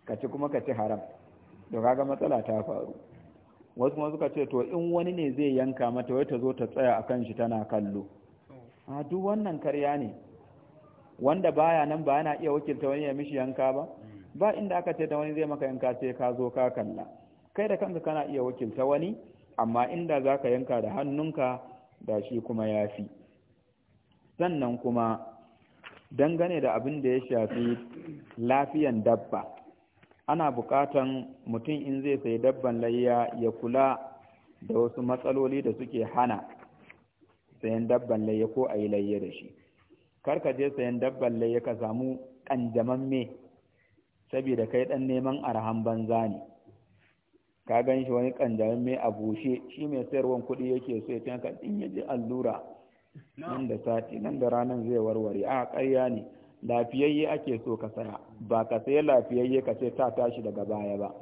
ka ci kuma ka ci haram to kaga matsala ta faru wasu kuma suka ce to in wani ne zai yanka mata wai ta zo ta tsaya akan shi tana kallo a duk wannan karya ne wanda baya nan ba yana iya wakilta wani ya mishi yanka ba ba inda aka ce da wani zai maka yanka sai ka zo ka kalla kai da kanka kana iya wakilta wani amma inda za ka yanka da hannunka da shi kuma ya fi sannan kuma dangane da abin da ya shafi lafiyan dabba ana bukatan mutum in zai sai dabban layya ya kula da wasu matsaloli da suke hana sayan dabban layya ko a yi layya da shi kar ka je sayan dabban lai ka samu me saboda kai dan neman arhan banza ne ka gan shi wani me a bushe shi mai sayarwan kuɗi yake so ya ka din yaji allura nan da sati nan da ranan zai warware a ƙarya ne lafiyayye ake so ka saya ba ka sai lafiyayye ka sai ta tashi daga baya ba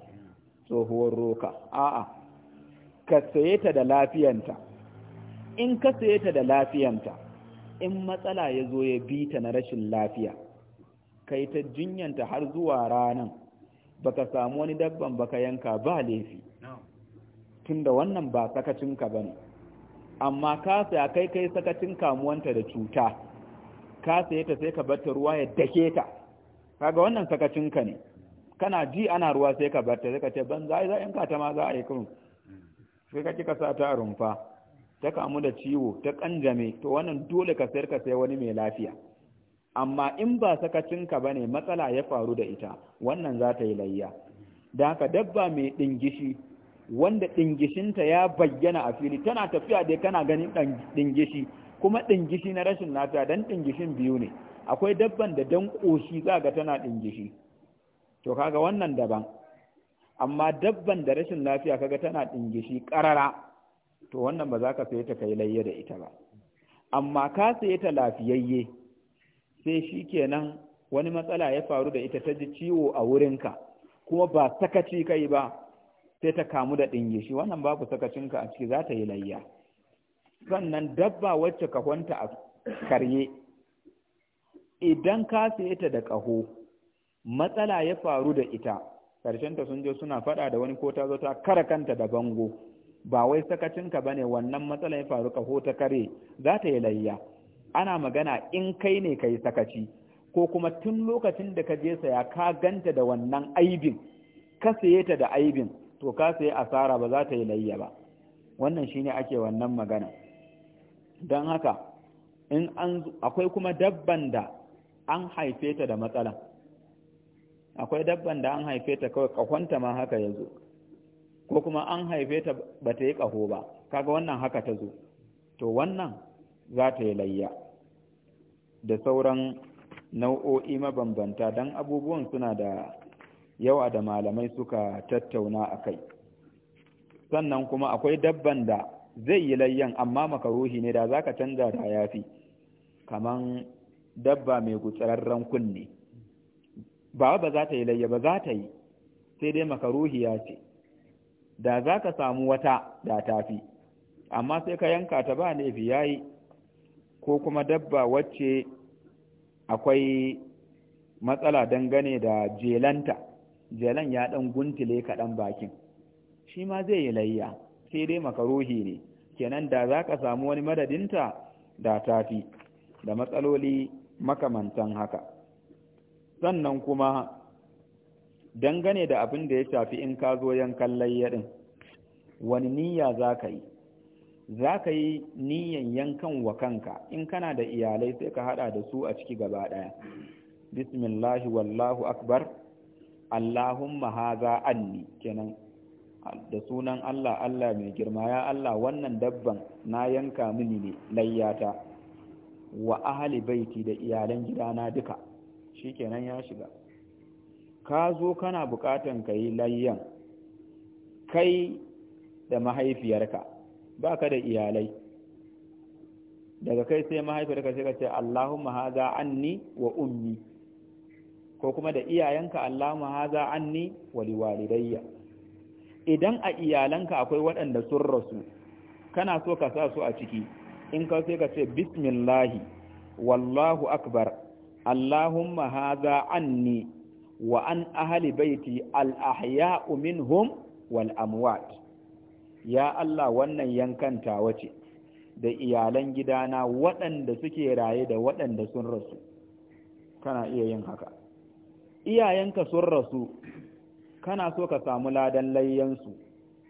tsohuwar roka a'a ka saye ta da lafiyanta in ka saye ta da lafiyanta in matsala ya zo ya bi ta na rashin lafiya kai ta jinyanta har zuwa ranan baka samu wani dabban baka yanka ba laifi tunda wannan ba sakacinka ba ne amma ka saya kai kai sakacin kamuwanta da cuta ka saye ta sai ka batta ruwa ya dake ta kaga wannan sakacinka ne kana ji ana ruwa sai ka batta sai ka ce ban za a yanka ta ma za a yi kuma sai ka kika sa ta rumfa ta kamu da ciwo ta kanjame to wannan dole ka sayar ka sai wani mai lafiya amma in ba sakacinka ba ne matsala ya faru da ita wannan za ta yi layya da haka dabba mai ɗingishi wanda ɗingishinta ya bayyana a fili tana tafiya dai kana ganin ɗingishi kuma ɗingishi na rashin lafiya dan ɗingishin biyu ne akwai dabban da dan ƙoshi za ga tana ɗingishi to kaga wannan daban amma dabban da rashin lafiya kaga tana ɗingishi ƙarara to wannan ba za ka saye ta kai layya da ita ba amma ka saye ta lafiyayye sai shi kenan wani matsala ya faru da ita ta ji ciwo a wurinka kuma ba sakaci kai ba sai ta kamu da ɗinye shi wannan babu sakacinka a ciki za ta yi layya sannan dabba wacce ka kwanta a karye idan ka saye ta da ƙaho matsala ya faru da ita ta sun je suna faɗa da wani ko ta zo ta kara kanta da bango ba wai sakacinka ba ne wannan matsala ya faru ka hota kare za ta yi layya ana magana in kai ne ka yi sakaci ko kuma tun lokacin da ka je saya ka ganta da wannan aibin ka saye ta da aibin to ka saye asara ba za ta yi layya ba wannan shine ake wannan magana don haka in an akwai kuma dabban da an haife ta da matsala akwai dabban da an haife ta kawai kwanta ma haka ya zo ko kuma an haife ta ba ta yi ƙaho ba kaga wannan haka ta zo to wannan za ta yi layya da sauran nau'o'i mabambanta don abubuwan suna da yawa da malamai suka tattauna a kai sannan kuma akwai dabban da zai yi layyan amma makaruhi ne da za ka canza da yafi kaman dabba mai gutsararren kunne ba ba za ta yi layya ba za ta yi sai dai ya ce da za ka samu wata da tafi amma sai ka yanka ta ba fi yayi ko kuma dabba wacce akwai matsala dangane da jelanta jelan ya ɗan guntule kaɗan bakin shi ma zai yi layya sai dai makaruhi ne kenan da za ka samu wani madadinta da tafi da matsaloli makamantan haka sannan kuma dangane da abin da ya shafi in ka zo yankan layya wani niyya za ka yi za ka yi niyyan yankan wa kanka in kana da iyalai sai ka hada da su a ciki gaba daya bismillahi wallahu akbar allahumma haza anni kenan da sunan allah allah mai girma ya allah wannan dabban na yanka mini ne layyata wa ahali baiti da iyalan gidana duka shikenan ya shiga ka zo kana bukatan ka yi layyan kai da mahaifiyarka ba ka da iyalai daga kai sai mahaifiyarka sai ka ce Allahumma haza anni wa ummi ko kuma da iyayenka Allahumma haza anni wa liwalidayya idan a iyalanka akwai waɗanda sun rasu kana so ka sa su a ciki in ka sai ka ce bismillahi wallahu akbar Allahumma haza anni wa an ahli baiti al ahya'u minhum wal amwat ya Allah wannan yankan ta ce da iyalan gidana waɗanda suke raye da waɗanda sun rasu kana iya yin haka iyayenka sun rasu kana so ka samu ladan layyansu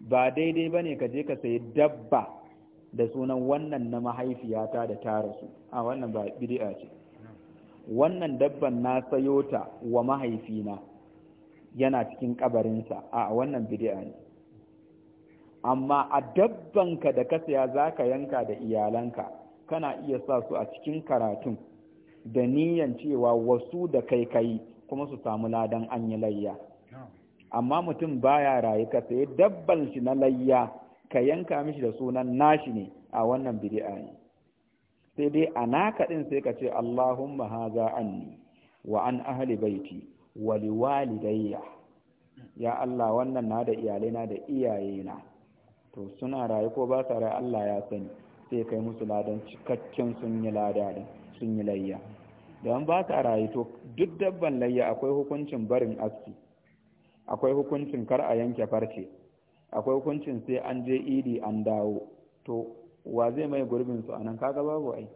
ba daidai bane ka je ka sayi dabba da sunan wannan na mahaifiyata da ta rasu a wannan ba bid'a ce wannan dabban na sayo ta wa mahaifina yana cikin kabarinsa a wannan bid'a ne amma a dabbanka da ka saya zaka yanka da iyalanka kana iya sa su a cikin karatun da niyan cewa wasu da kai kai kuma su samu ladan an yi layya amma mutum baya rayu ka sayi dabban shi na layya ka yanka mishi da sunan nashi ne a wannan bid'a ne sai dai a naka ɗin sai ka ce Allahumma haza anni wa an ahli baiti wa liwalidayya ya Allah wannan na da iyalaina da iyayena to suna rayu ko ba sa rayu Allah ya sani sai kai musu ladan cikakken sun yi lada din sun yi layya don ba sa rayu to duk dabban layya akwai hukuncin barin aski akwai hukuncin kar a yanke farce akwai hukuncin sai an je idi an dawo to wa zai mai gurbin su anan kaga babu ai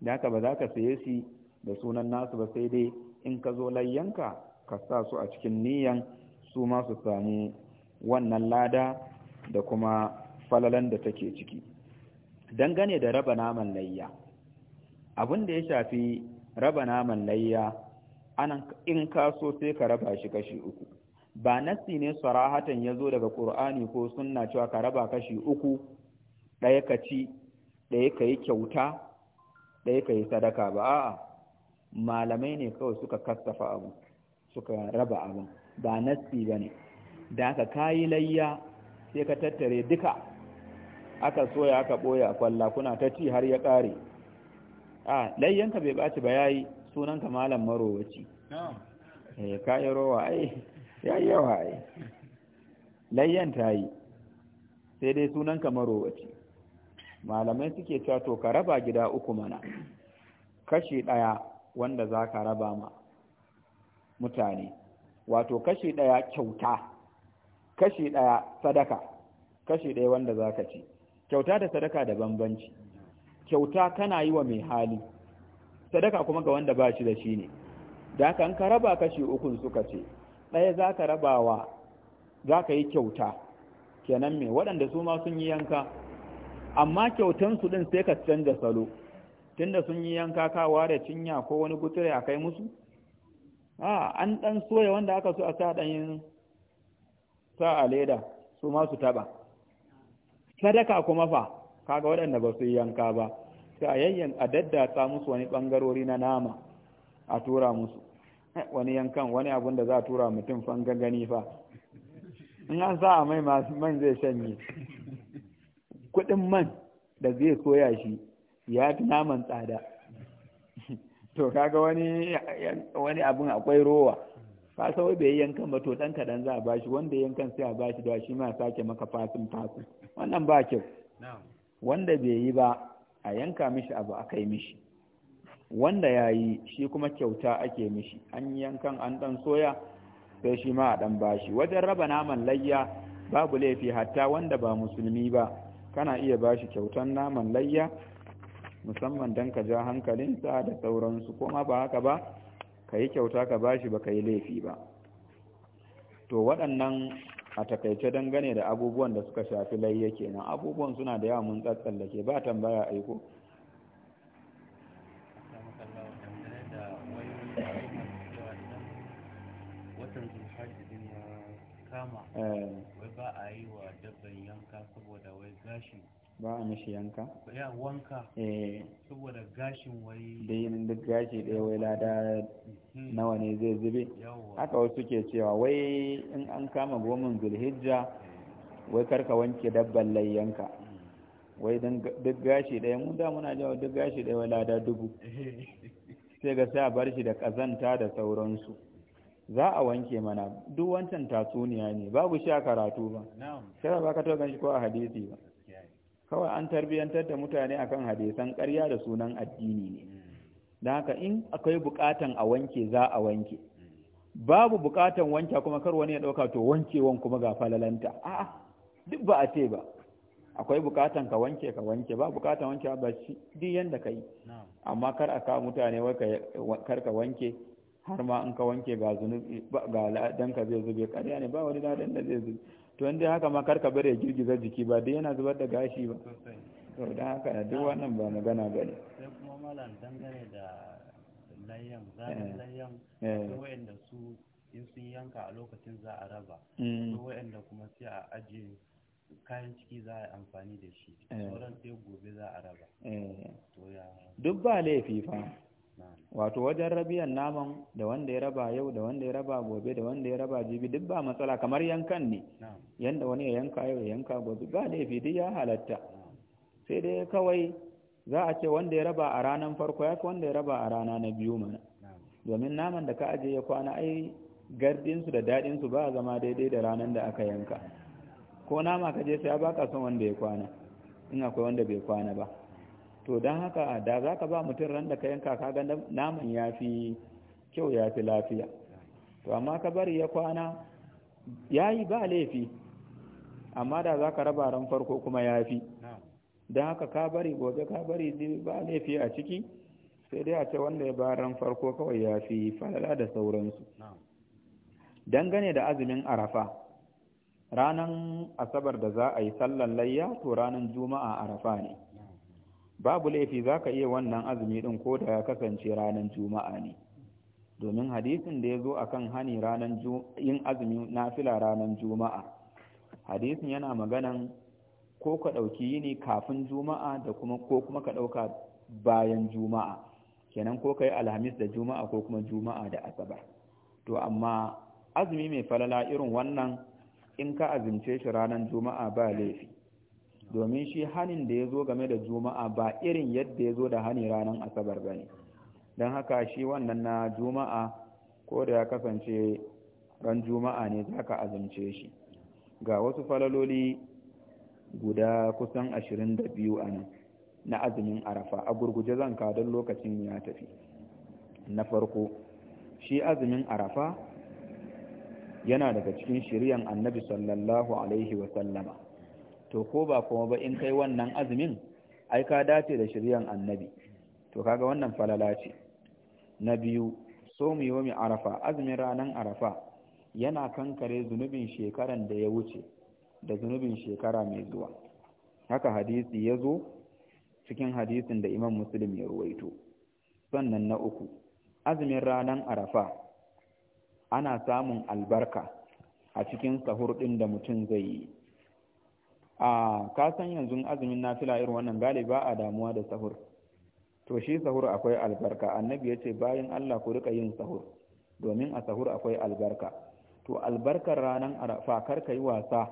da haka ba za ka saye shi da sunan nasu ba sai dai in ka zo layyanka ka sa su a cikin niyan su ma su samu wannan lada da kuma falalan da take ciki dangane da raba naman layya abin da ya shafi raba naman layya anan in ka so sai ka raba shi kashi uku ba nasi ne sarahatan ya zo daga ƙur'ani ko sunna cewa ka raba kashi uku ɗaya ka ci ɗaya ka yi kyauta ɗaya ka yi sadaka ba a'a malamai ne kawai suka kastafa abu suka raba abin ba nasi ba ne da aka kayi layya sai ka tattare duka aka soya aka ɓoye a kwalla kuna ta ci har ya ƙare a layyanka bai ɓaci ba yayi sunanka malam marowaci eh ka yi rowa ai yayi yawa ai layyan ta yi sai dai sunanka marowaci malamai suke cewa to ka raba gida uku mana kashi ɗaya wanda za ka raba ma mutane wato kashi ɗaya kyauta kashi ɗaya sadaka kashi ɗaya wanda za ka ci kyauta da sadaka da bambanci kyauta kana yi wa mai hali sadaka kuma ga wanda ba shi da shi ne da kan ka raba kashi ukun suka ce ɗaya za ka raba za ka yi kyauta kenan me waɗanda su ma sun yi yanka amma kyautan su ɗin sai ka canza salo tunda sun yi yanka kawa da cinya ko wani gutsire a kai musu a an ɗan soya wanda aka so a sa ɗanyin sa a leda su ma su taɓa sadaka kuma fa kaga waɗanda ba su yi yanka ba sai a yayyan a daddatsa musu wani ɓangarori na nama a tura musu eh, wani yankan wani abun da za a tura mutum fanga gani fa in an sa a mai man zai shanye kuɗin man da zai soya shi ya fi naman tsada to kaga wani abin akwai rowa fasa wai bai yankan ba to dan kaɗan za a bashi wanda yankan sai a bashi da shi ma sake maka fasin fasin wannan ba kyau wanda bai yi ba a yanka mishi abu a kai mishi wanda ya yi shi kuma kyauta ake mishi an yankan an ɗan soya sai shi ma a ɗan bashi wajen raba naman layya babu laifi hatta wanda ba musulmi ba kana iya ba shi kyautan naman layya musamman don ka ja hankalinsa da sauransu kuma ba haka ba ka yi kyauta ka ba shi ba ka yi laifi ba to waɗannan a takaice dangane da abubuwan da suka shafi layya kenan abubuwan suna da yawa mun tsatsallake ba tambaya aiko kama eh. wai eh. ba a yi wa gashin ba a mishi yanka ya wanka eh saboda gashin wai yin duk gashi ɗaya wai lada mhm. nawa ne zai zube haka wasu ke cewa wai in an kama gomin zulhijja wai karka wanke dabban layyanka mhm. wai duk gashi ɗaya mun da muna jawo duk gashi ɗaya wai lada dubu eh. sai ga sai a bar shi da kazanta da sauransu za a wanke mana duk wancan tatsuniya ne babu shi a karatu ba sai ba ka taɓa ganshi ko a hadisi ba kawai an tarbiyantar da mutane akan hadisan ƙarya da sunan addini ne Da haka in akwai buƙatan a wanke za a wanke babu buƙatan wanke kuma kar wani ya ɗauka to wankewan kuma ga falalanta a'a duk ba a ce ba akwai buƙatan ka wanke ka wanke ba buƙatan wanke ba shi duk yanda ka yi amma kar a kawo mutane wai kar ka wanke har ma in ka wanke ga zunubi ga ladan ka zai zube ƙarya ne ba wani ladan da zai zube to inda haka ma karka bare girgiza jiki ba dai yana zubar da gashi ba to dan haka duk wannan ba magana bane sai kuma malam dangane da layyan zaɓin eh. layyan eh. wa'anda su in sun yanka a lokacin za a raba to mm. wa'anda kuma sai a ajiye kayan ciki za a yi amfani da shi eh. sauran sai gobe za a raba duk ba laifi fa wato wajen rabiyan naman da wanda ya raba yau da wanda ya raba gobe da wanda ya raba jibi duk ba matsala kamar yankan ne yanda wani ya yanka yau ya yanka gobe ba laifi duk ya halatta sai dai kawai za a ce wanda ya raba a ranar farko ya fi wanda ya raba a rana na biyu mana domin naman da ka ajiye ya kwana ai gardinsu da daɗinsu ba zama daidai da ranar da aka yanka ko nama ka je sai ya baka son wanda ya kwana in akwai wanda bai kwana ba to don haka da za ka ba mutum ran da ka yanka ka ga naman ya fi kyau ya fi lafiya to amma ka bari ya kwana ya yi ba laifi amma da za ka raba ran farko kuma ya fi don haka ka bari gobe ka bari ba laifi a ciki sai dai a ce wanda ya ba ran farko kawai ya fi falala da sauransu dangane da azumin arafa ranan asabar da za a yi sallan layya to ranan juma'a arafa ne babu laifi za ka iya wannan azumi ɗin ko da ya kasance ranar juma'a ne domin hadisin da ya zo a kan hani ranar yin azumi na fila ranar juma'a hadisin yana maganan ko ka ɗauki yini kafin juma'a da kuma ko kuma ka ɗauka bayan juma'a kenan ko ka yi alhamis da juma'a ko kuma juma'a da asabar to amma azumi mai falala irin wannan in ka azumce shi ranar juma'a ba laifi domin shi hanin da ya zo game da juma'a ba irin yadda ya zo da hani ranar asabar ba ne don haka shi wannan na juma'a ko da ya kasance ran juma'a ne za ka azumce shi ga wasu falaloli guda kusan ashirin da biyu a nan na azumin arafa a gurguje zan don lokacin ya tafi na farko shi azumin arafa yana daga cikin shiryan annabi sallallahu alaihi wasallama to ko ba kuma ba in kai wannan azumin ai ka dace da shiryan annabi to kaga wannan falala ce na biyu somu yomi arafa azumin ranar arafa yana kankare zunubin shekaran da ya wuce da zunubin shekara mai zuwa haka hadisi ya zo cikin hadisin da imam muslim ya ruwaito sannan na uku azumin ranar arafa ana samun albarka a cikin sahur ɗin da mutum zai yi a ka san yanzu azumin nafila irin wannan galiba a damuwa da sahur to shi sahur akwai albarka annabi ya ce bayan Allah ku rika yin sahur domin a sahur akwai albarka to albarkar ranar arafa kar ka wasa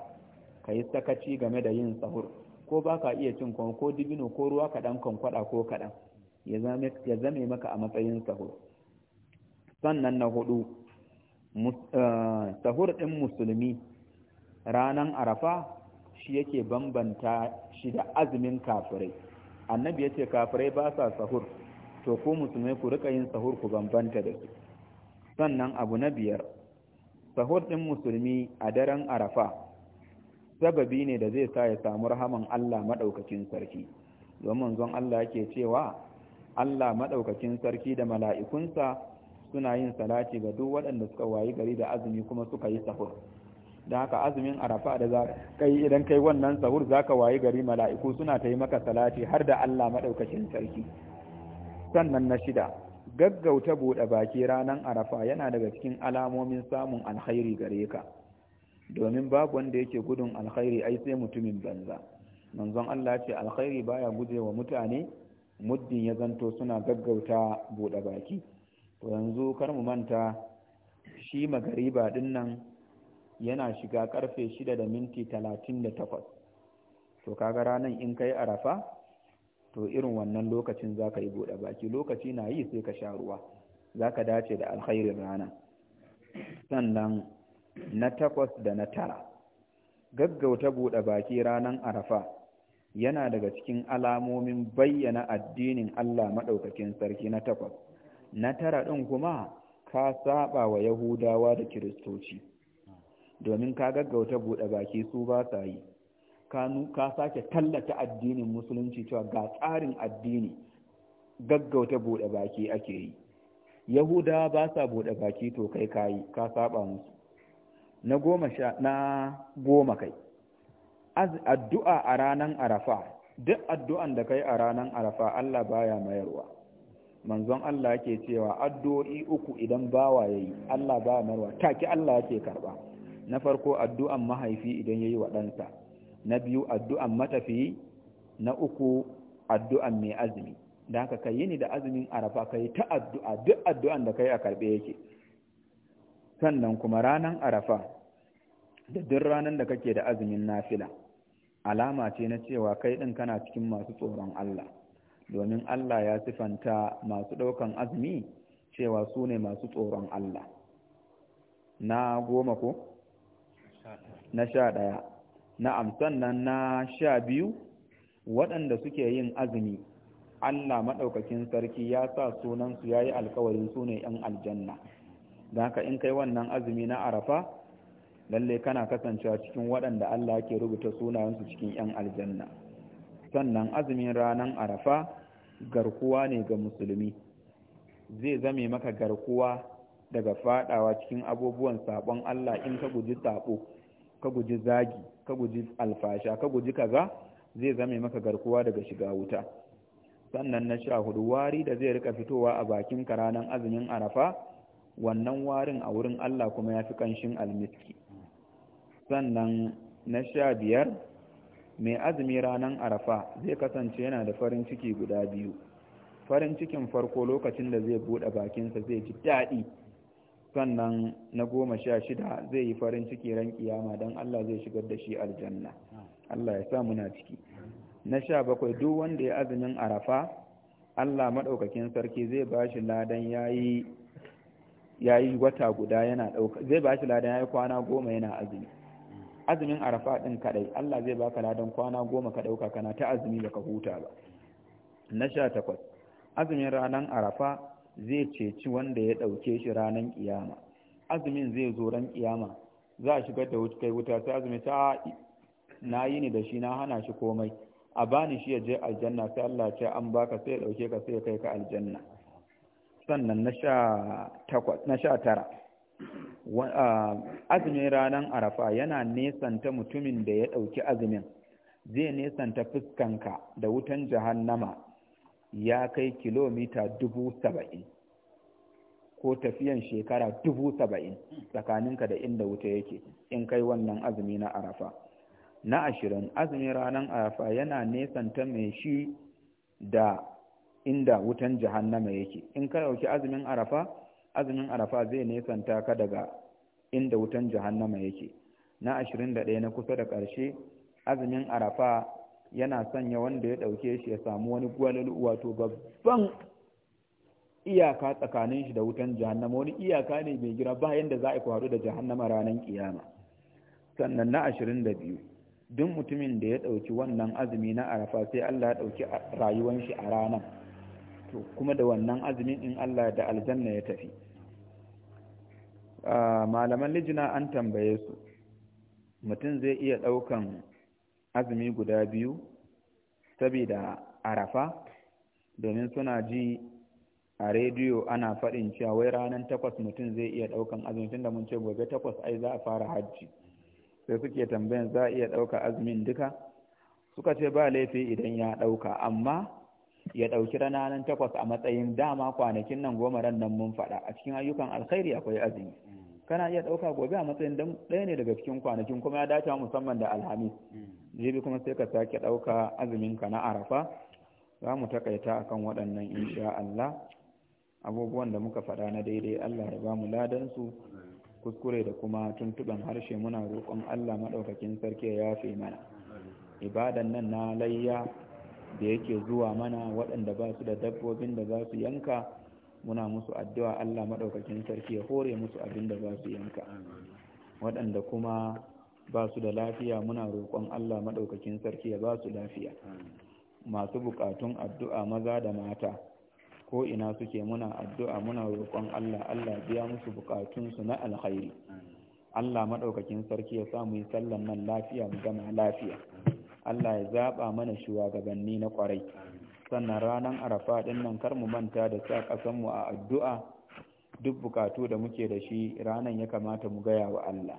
ka sakaci game da yin sahur ko baka iya cin ko ko dibino ko ruwa kaɗan kwankwada ko kaɗan ya zame maka a matsayin sahur sannan na hudu eh, sahur ɗin musulmi ranan arafa shi yake bambanta shi da azumin kafirai annabi ya ce kafirai ba sa sahur to ku musulmai ku rika yin sahur ku bambanta da su sannan abu na biyar sahur ɗin musulmi a daren arafa sababi ne da zai sa ya samu rahaman Allah maɗaukakin sarki domin zon Allah yake cewa Allah maɗaukakin sarki da mala'ikunsa suna yin salati ga duk waɗanda suka wayi gari da azumi kuma suka yi sahur da haka azumin arafa da za kai idan kai wannan sahur zaka wayi gari mala'iku suna ta yi maka salati har da Allah maɗaukacin sarki sannan na shida gaggauta buɗe baki ranar arafa yana daga cikin alamomin samun alkhairi gare ka domin babu wanda yake gudun alkhairi ai sai mutumin banza manzon Allah ce alkhairi baya guje wa mutane muddin ya zanto suna gaggauta buɗe baki to yanzu kar mu manta shi magariba dinnan yana shiga karfe shida da minti talatin da takwas to kaga ranar in ka yi arafa to irin wannan lokacin za ka yi bude baki lokaci na yi sai ka sha ruwa za ka dace da alkhairin rana sannan na takwas da na tara gaggauta bude baki ranar arafa yana daga cikin alamomin bayyana addinin Allah maɗaukakin sarki na takwas na tara ɗin kuma ka saba wa yahudawa da kiristoci domin ka gaggauta buɗe baki su ba sa yi kanu ka sake tallata addinin musulunci cewa ga tsarin addini gaggauta buɗe baki ake yi yahuda ba sa buɗe baki to kai kayi ka saba musu na goma kai addu'a a ranan arafa duk addu'an da kai a ranan arafa Allah baya mayarwa manzon Allah yake cewa addu'o'i uku idan bawa yayi Allah baya mayarwa take Allah yake karba na farko addu'an mahaifi idan ya yi wa ɗansa na biyu addu'an matafi na uku addu'an mai azumi da haka ka yi ni da azumin arafa ka yi ta addu'a duk addu'an da ka yi a karɓe yake sannan kuma ranan arafa da duk ranar da kake da azumin nafila alama ce na cewa kai ɗin kana cikin masu tsoron Allah domin Allah ya sifanta masu ɗaukan azumi cewa su ne masu tsoron Allah na goma ko? na sha ɗaya na'am sannan na sha biyu waɗanda suke yin azumi Allah maɗaukakin sarki ya sa sunansu ya yi alkawarin su ne ‘yan aljanna don haka in kai wannan azumi na arafa lalle kana kasancewa cikin waɗanda Allah ke rubuta sunayensu cikin ‘yan aljanna sannan azumin ranar arafa garkuwa ne ga musulmi zai zame maka garkuwa daga faɗawa cikin abubuwan saɓon Allah in ka guji saɓo ka guji zagi ka guji alfasha ka guji kaza zai zame maka garkuwa daga shiga wuta sannan na sha hudu wari da zai rika fitowa a bakin ka azumin arafa wannan warin a wurin Allah kuma ya fi kanshin almiski sannan na sha biyar mai azumi ranar arafa zai kasance yana da farin ciki guda biyu farin cikin farko lokacin da zai buɗe bakinsa zai ji daɗi sannan na goma sha shida zai yi farin ciki ran kiyama don Allah zai shigar da shi aljanna Allah ya sa muna ciki na sha bakwai duk wanda ya azumin arafa Allah maɗaukakin sarki zai ba shi ladan ya yi wata guda yana ɗauka zai ba shi ladan ya yi kwana goma yana azumi azumin arafa ɗin kaɗai Allah zai baka ladan kwana goma ka ɗauka kana ta azumi baka huta ba na sha takwas azumin ranar arafa zai ceci wanda ya ɗauke shi ranar ƙiyama azumin zai zo ran ƙiyama za a shigar da wuta kai wuta sai azumi ta na yi ni da shi na hana shi komai a bani shi ya je aljanna sai Allah ce an baka sai ya ɗauke ka sai ya kai ka aljanna sannan na sha takwas na sha tara azumin ranar arafa yana nesanta mutumin da ya ɗauki azumin zai nesanta fuskanka da wutan jahannama ya kai kilomita dubu saba'in ko tafiyan shekara dubu saba'in tsakaninka da inda wuta yake in kai wannan azumi na arafa na ashirin azumin ranar arafa yana nesanta mai shi da inda wutan jahannama yake in ka ɗauki azumin arafa azumin arafa zai nesanta ka daga inda wutan jahannama yake na ashirin da ɗaya na kusa da ƙarshe azumin arafa yana sanya wanda ya ɗauke shi ya samu wani gwalal wato babban iyaka tsakanin shi da wutan jahannama wani iyaka ne mai gira ba yadda za a kwaru da jahannama ranar kiyama sannan na ashirin da biyu duk mutumin da ya ɗauki wannan azumi na arafa sai allah ya ɗauki rayuwan shi a ranar to kuma da wannan azumin in allah da aljanna ya tafi ah, malaman lijina an tambaye su mutum zai iya ɗaukan azumi guda biyu Sabida, arafa domin suna ji a rediyo ana faɗin cewa wai ranar takwas mutum zai iya ɗaukan azumi tunda mun ce gobe takwas ai za a fara hajji sai suke tambayan za a iya ɗauka azumin duka suka ce ba laifi idan ya ɗauka amma ya ɗauki ranar takwas a matsayin dama kwanakin nan goma ran nan mun faɗa a cikin ayyukan alkhairi akwai azumi kana iya ɗauka gobe a matsayin dan ɗaya ne daga cikin kwanakin kuma ya dace musamman da alhamis hmm. jibi kuma sai ka sake ɗauka azumin ka na arafa za mu takaita akan waɗannan insha Allah abubuwan da muka faɗa na daidai Allah ya ba mu ladan su kuskure da kuma tuntuɓen harshe muna roƙon Allah maɗaukakin sarki ya yafe mana ibadan nan na layya da yake zuwa mana waɗanda ba su da dabbobin da za su yanka muna musu addu'a Allah maɗaukakin sarki ya hore musu abin da za su yanka waɗanda kuma ba su da lafiya muna roƙon Allah maɗaukakin sarki ya ba su lafiya masu buƙatun addu'a maza da mata ko ina suke muna addu'a muna roƙon Allah Allah biya musu buƙatunsu na alkhairi Allah maɗaukakin sarki ya sa mu yi sallan nan lafiya mu gama lafiya Allah ya zaɓa mana shugabanni na ƙwarai sannan ranar arafa ɗin nan kar mu manta da sa mu a addu'a duk bukatu da muke da shi ranar ya kamata mu gaya wa Allah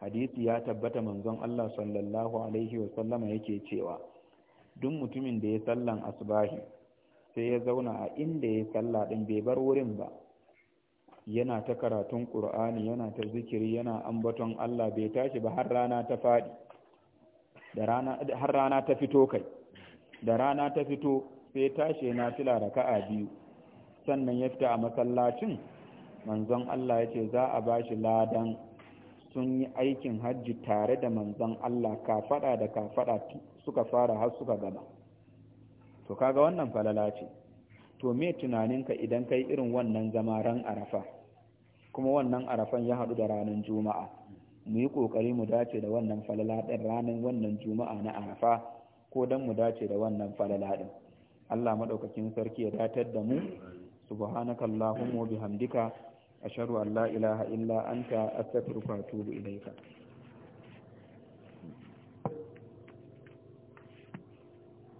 hadisi ya tabbata manzon Allah sallallahu alaihi wasallama yake cewa duk mutumin da ya sallan asbahi sai ya zauna a inda ya salla ɗin bai bar wurin ba yana ta karatun Qur'ani yana ta zikiri yana ambaton Allah bai tashi ba har rana ta fadi da har rana ta fito kai da rana ta fito sai tashi na fila raka'a biyu sannan ya fita a masallacin manzon Allah ya ce za a ba shi ladan sun yi aikin hajji tare da manzon Allah kafada da kafada suka fara har suka gaba to kaga wannan falala ce to me tunaninka idan kai irin wannan zama ran arafa kuma wannan arafan ya haɗu da ranar juma'a mu yi ƙoƙari mu dace da wannan falala ɗin ranar wannan juma'a na arafa ko don mu dace da wannan falala ɗin Allah maɗaukakin sarki ya datar da mu subhanaka allahumma bihamdika ashhadu an la ilaha illa anta astaghfiruka wa atubu ilaika